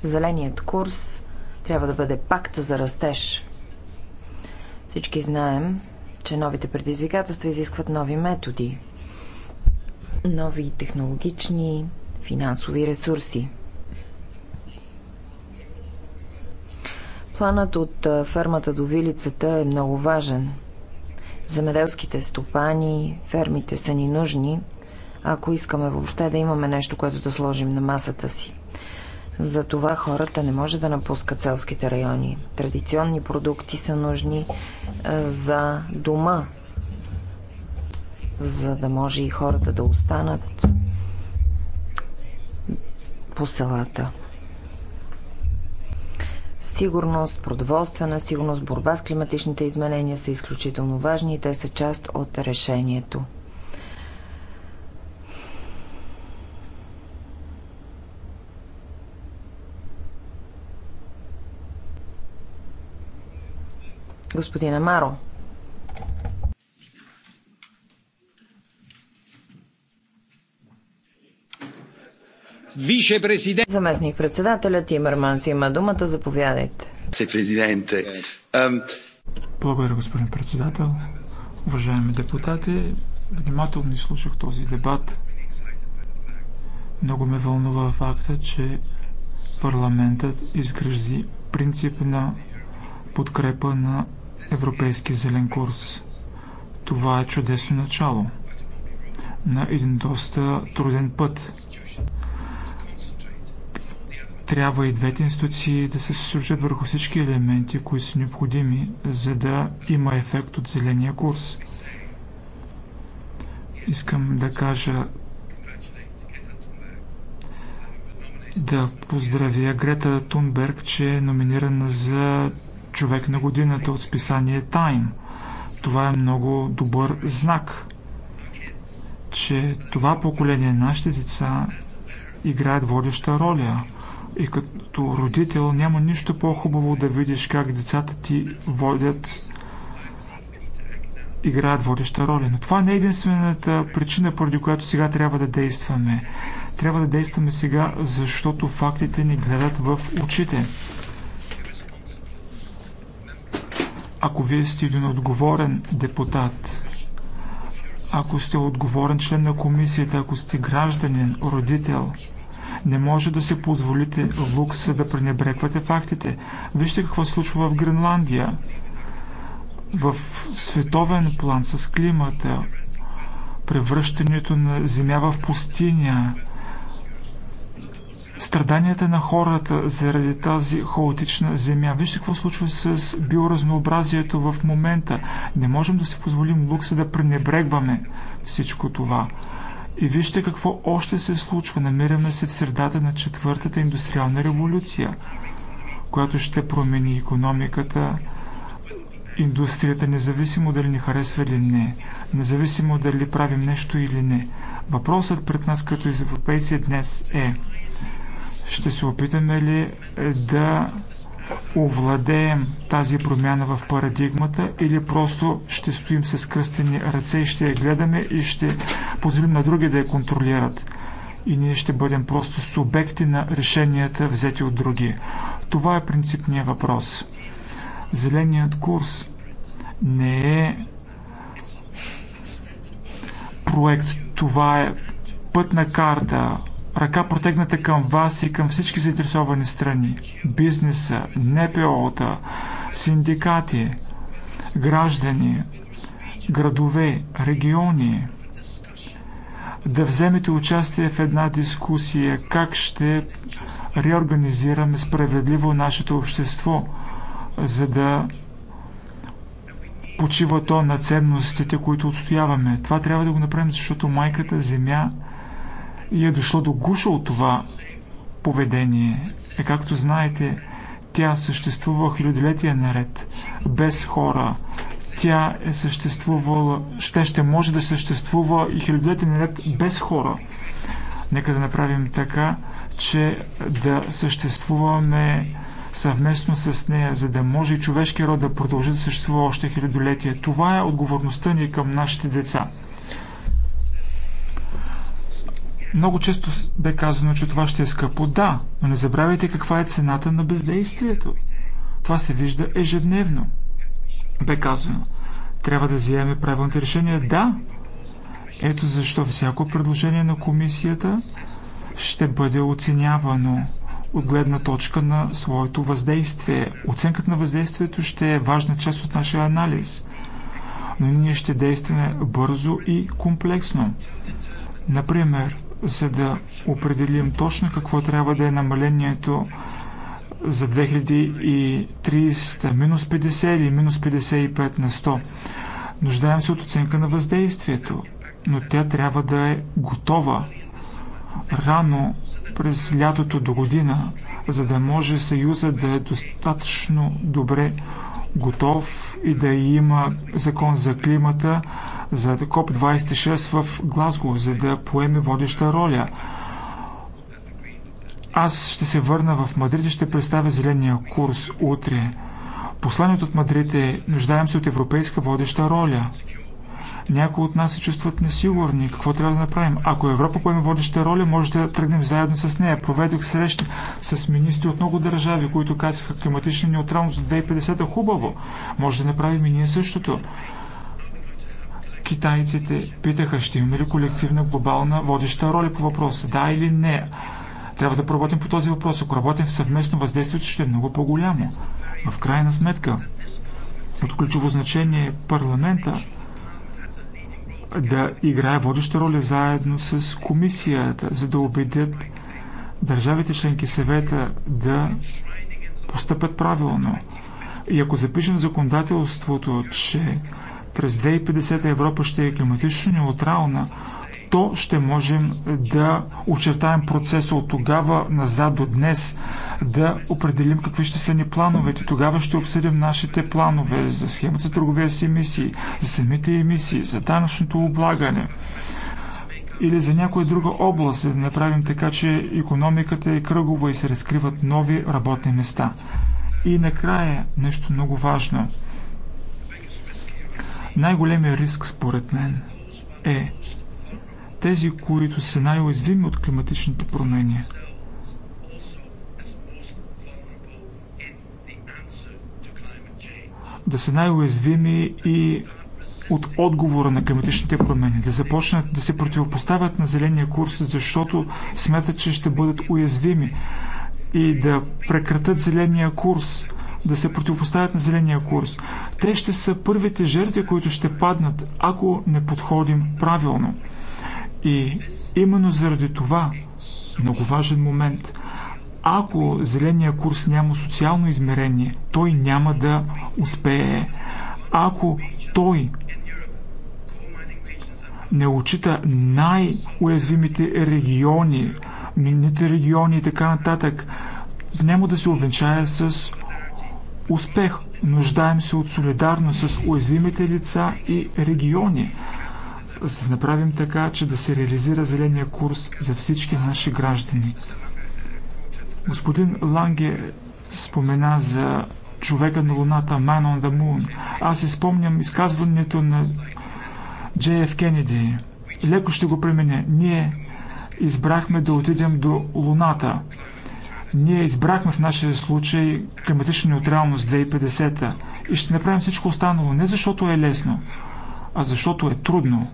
Зеленият курс трябва да бъде пакта за растеж. Всички знаем, че новите предизвикателства изискват нови методи, нови технологични, финансови ресурси. Планът от фермата до вилицата е много важен – Земеделските стопани, фермите са ни нужни, ако искаме въобще да имаме нещо, което да сложим на масата си. Затова хората не може да напускат селските райони. Традиционни продукти са нужни е, за дома, за да може и хората да останат по селата. Сигурност, продоволствена сигурност, борба с климатичните изменения са изключително важни и те са част от решението. Господин Амаро, Заместник председателя Тимърманс има думата. Заповядайте.
Благодаря, господин председател. Уважаеми депутати, внимателно изслушах този дебат. Много ме вълнува факта, че парламентът изгръжди принцип на подкрепа на Европейския зелен курс. Това е чудесно начало на един доста труден път трябва и двете институции да се съсредоточат върху всички елементи, които са необходими, за да има ефект от зеления курс. Искам да кажа да поздравя Грета Тунберг, че е номинирана за човек на годината от списание Time. Това е много добър знак, че това поколение, нашите деца, играят водеща роля – и като родител няма нищо по-хубаво да видиш как децата ти водят играят водеща роля. Но това не е единствената причина, поради която сега трябва да действаме. Трябва да действаме сега, защото фактите ни гледат в очите. Ако вие сте един отговорен депутат, ако сте отговорен член на комисията, ако сте гражданин, родител – не може да си позволите лукса да пренебрегвате фактите. Вижте какво се случва в Гренландия. В световен план с климата, превръщането на земя в пустиня, страданията на хората заради тази хаотична земя. Вижте какво случва с биоразнообразието в момента. Не можем да си позволим лукса да пренебрегваме всичко това. И вижте какво още се случва. Намираме се в средата на четвъртата индустриална революция, която ще промени економиката, индустрията, независимо дали ни харесва или не, независимо дали правим нещо или не. Въпросът пред нас като европейци днес е ще се опитаме ли е да овладеем тази промяна в парадигмата или просто ще стоим с кръстени ръце и ще я гледаме и ще позволим на други да я контролират. И ние ще бъдем просто субекти на решенията, взети от други. Това е принципният въпрос. Зеленият курс не е проект. Това е пътна карта, ръка протегната към вас и към всички заинтересовани страни – бизнеса, НПО-та, синдикати, граждани, градове, региони, да вземете участие в една дискусия как ще реорганизираме справедливо нашето общество, за да почива то на ценностите, които отстояваме. Това трябва да го направим, защото майката Земя – и е дошло до гуша от това поведение. Е, както знаете, тя съществува хилядолетия наред, без хора. Тя е съществувала, ще ще може да съществува и хилядолетия наред без хора. Нека да направим така, че да съществуваме съвместно с нея, за да може и човешкия род да продължи да съществува още хилядолетия. Това е отговорността ни към нашите деца. Много често бе казано, че това ще е скъпо. Да, но не забравяйте каква е цената на бездействието. Това се вижда ежедневно. Бе казано. Трябва да вземем правилните решения. Да. Ето защо всяко предложение на комисията ще бъде оценявано от гледна точка на своето въздействие. Оценката на въздействието ще е важна част от нашия анализ. Но ние ще действаме бързо и комплексно. Например, за да определим точно какво трябва да е намалението за 2030 минус 50 или минус 55 на 100. Нуждаем се от оценка на въздействието, но тя трябва да е готова рано през лятото до година, за да може Съюза да е достатъчно добре готов и да има закон за климата, за КОП-26 в Глазго, за да поеме водеща роля. Аз ще се върна в Мадрид и ще представя зеления курс утре. Посланието от Мадрид е нуждаем се от европейска водеща роля. Някои от нас се чувстват несигурни. Какво трябва да направим? Ако Европа поеме водеща роля, може да тръгнем заедно с нея. Проведох среща с министри от много държави, които казаха климатична неутралност до 2050 е хубаво. Може да направим и ние същото. Китайците питаха, ще имаме ли колективна глобална водеща роля по въпроса, да или не. Трябва да проработим по този въпрос. Ако работим в съвместно, въздействието ще е много по-голямо. В крайна сметка, от ключово значение е парламента да играе водеща роля заедно с комисията, за да убедят държавите членки съвета да постъпят правилно. И ако запишем в законодателството, че през 2050 Европа ще е климатично неутрална, то ще можем да очертаем процеса от тогава назад до днес, да определим какви ще са ни плановете. Тогава ще обсъдим нашите планове за схемата за търговия с емисии, за самите емисии, за данъчното облагане или за някоя друга област, да направим така, че економиката е кръгова и се разкриват нови работни места. И накрая нещо много важно – най-големият риск, според мен, е тези, които са най-уязвими от климатичните промени. Да са най-уязвими и от отговора на климатичните промени, да започнат да се противопоставят на зеления курс, защото смятат, че ще бъдат уязвими и да прекратят зеления курс, да се противопоставят на зеления курс. Те ще са първите жертви, които ще паднат, ако не подходим правилно. И именно заради това, много важен момент, ако зеления курс няма социално измерение, той няма да успее. Ако той не учита най-уязвимите региони, минните региони и така нататък, няма да се увенчая с успех. Нуждаем се от солидарност с уязвимите лица и региони, за да направим така, че да се реализира зеления курс за всички наши граждани. Господин Ланге спомена за човека на луната, Man on the Moon. Аз изпомням изказването на Джеф Кенеди. Леко ще го премене. Ние избрахме да отидем до луната – ние избрахме в нашия случай климатична неутралност 2050 и ще направим всичко останало не защото е лесно, а защото е трудно.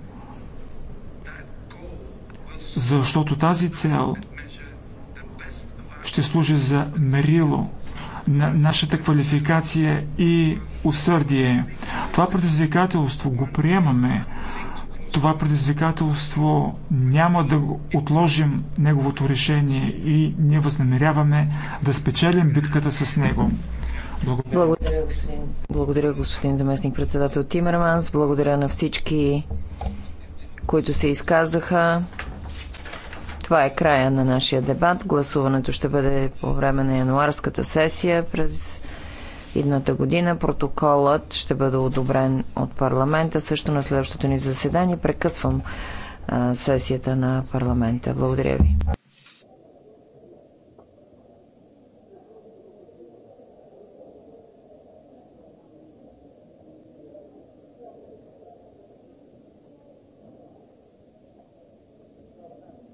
Защото тази цел ще служи за мерило на нашата квалификация и усърдие. Това предизвикателство го приемаме, това предизвикателство няма да отложим неговото решение и ние възнамеряваме да спечелим битката с него. Благодаря.
Благодаря, господин. Благодаря, господин заместник председател Тимерманс. Благодаря на всички, които се изказаха. Това е края на нашия дебат. Гласуването ще бъде по време на януарската сесия през Идната година протоколът ще бъде одобрен от парламента. Също на следващото ни заседание прекъсвам сесията на парламента. Благодаря ви.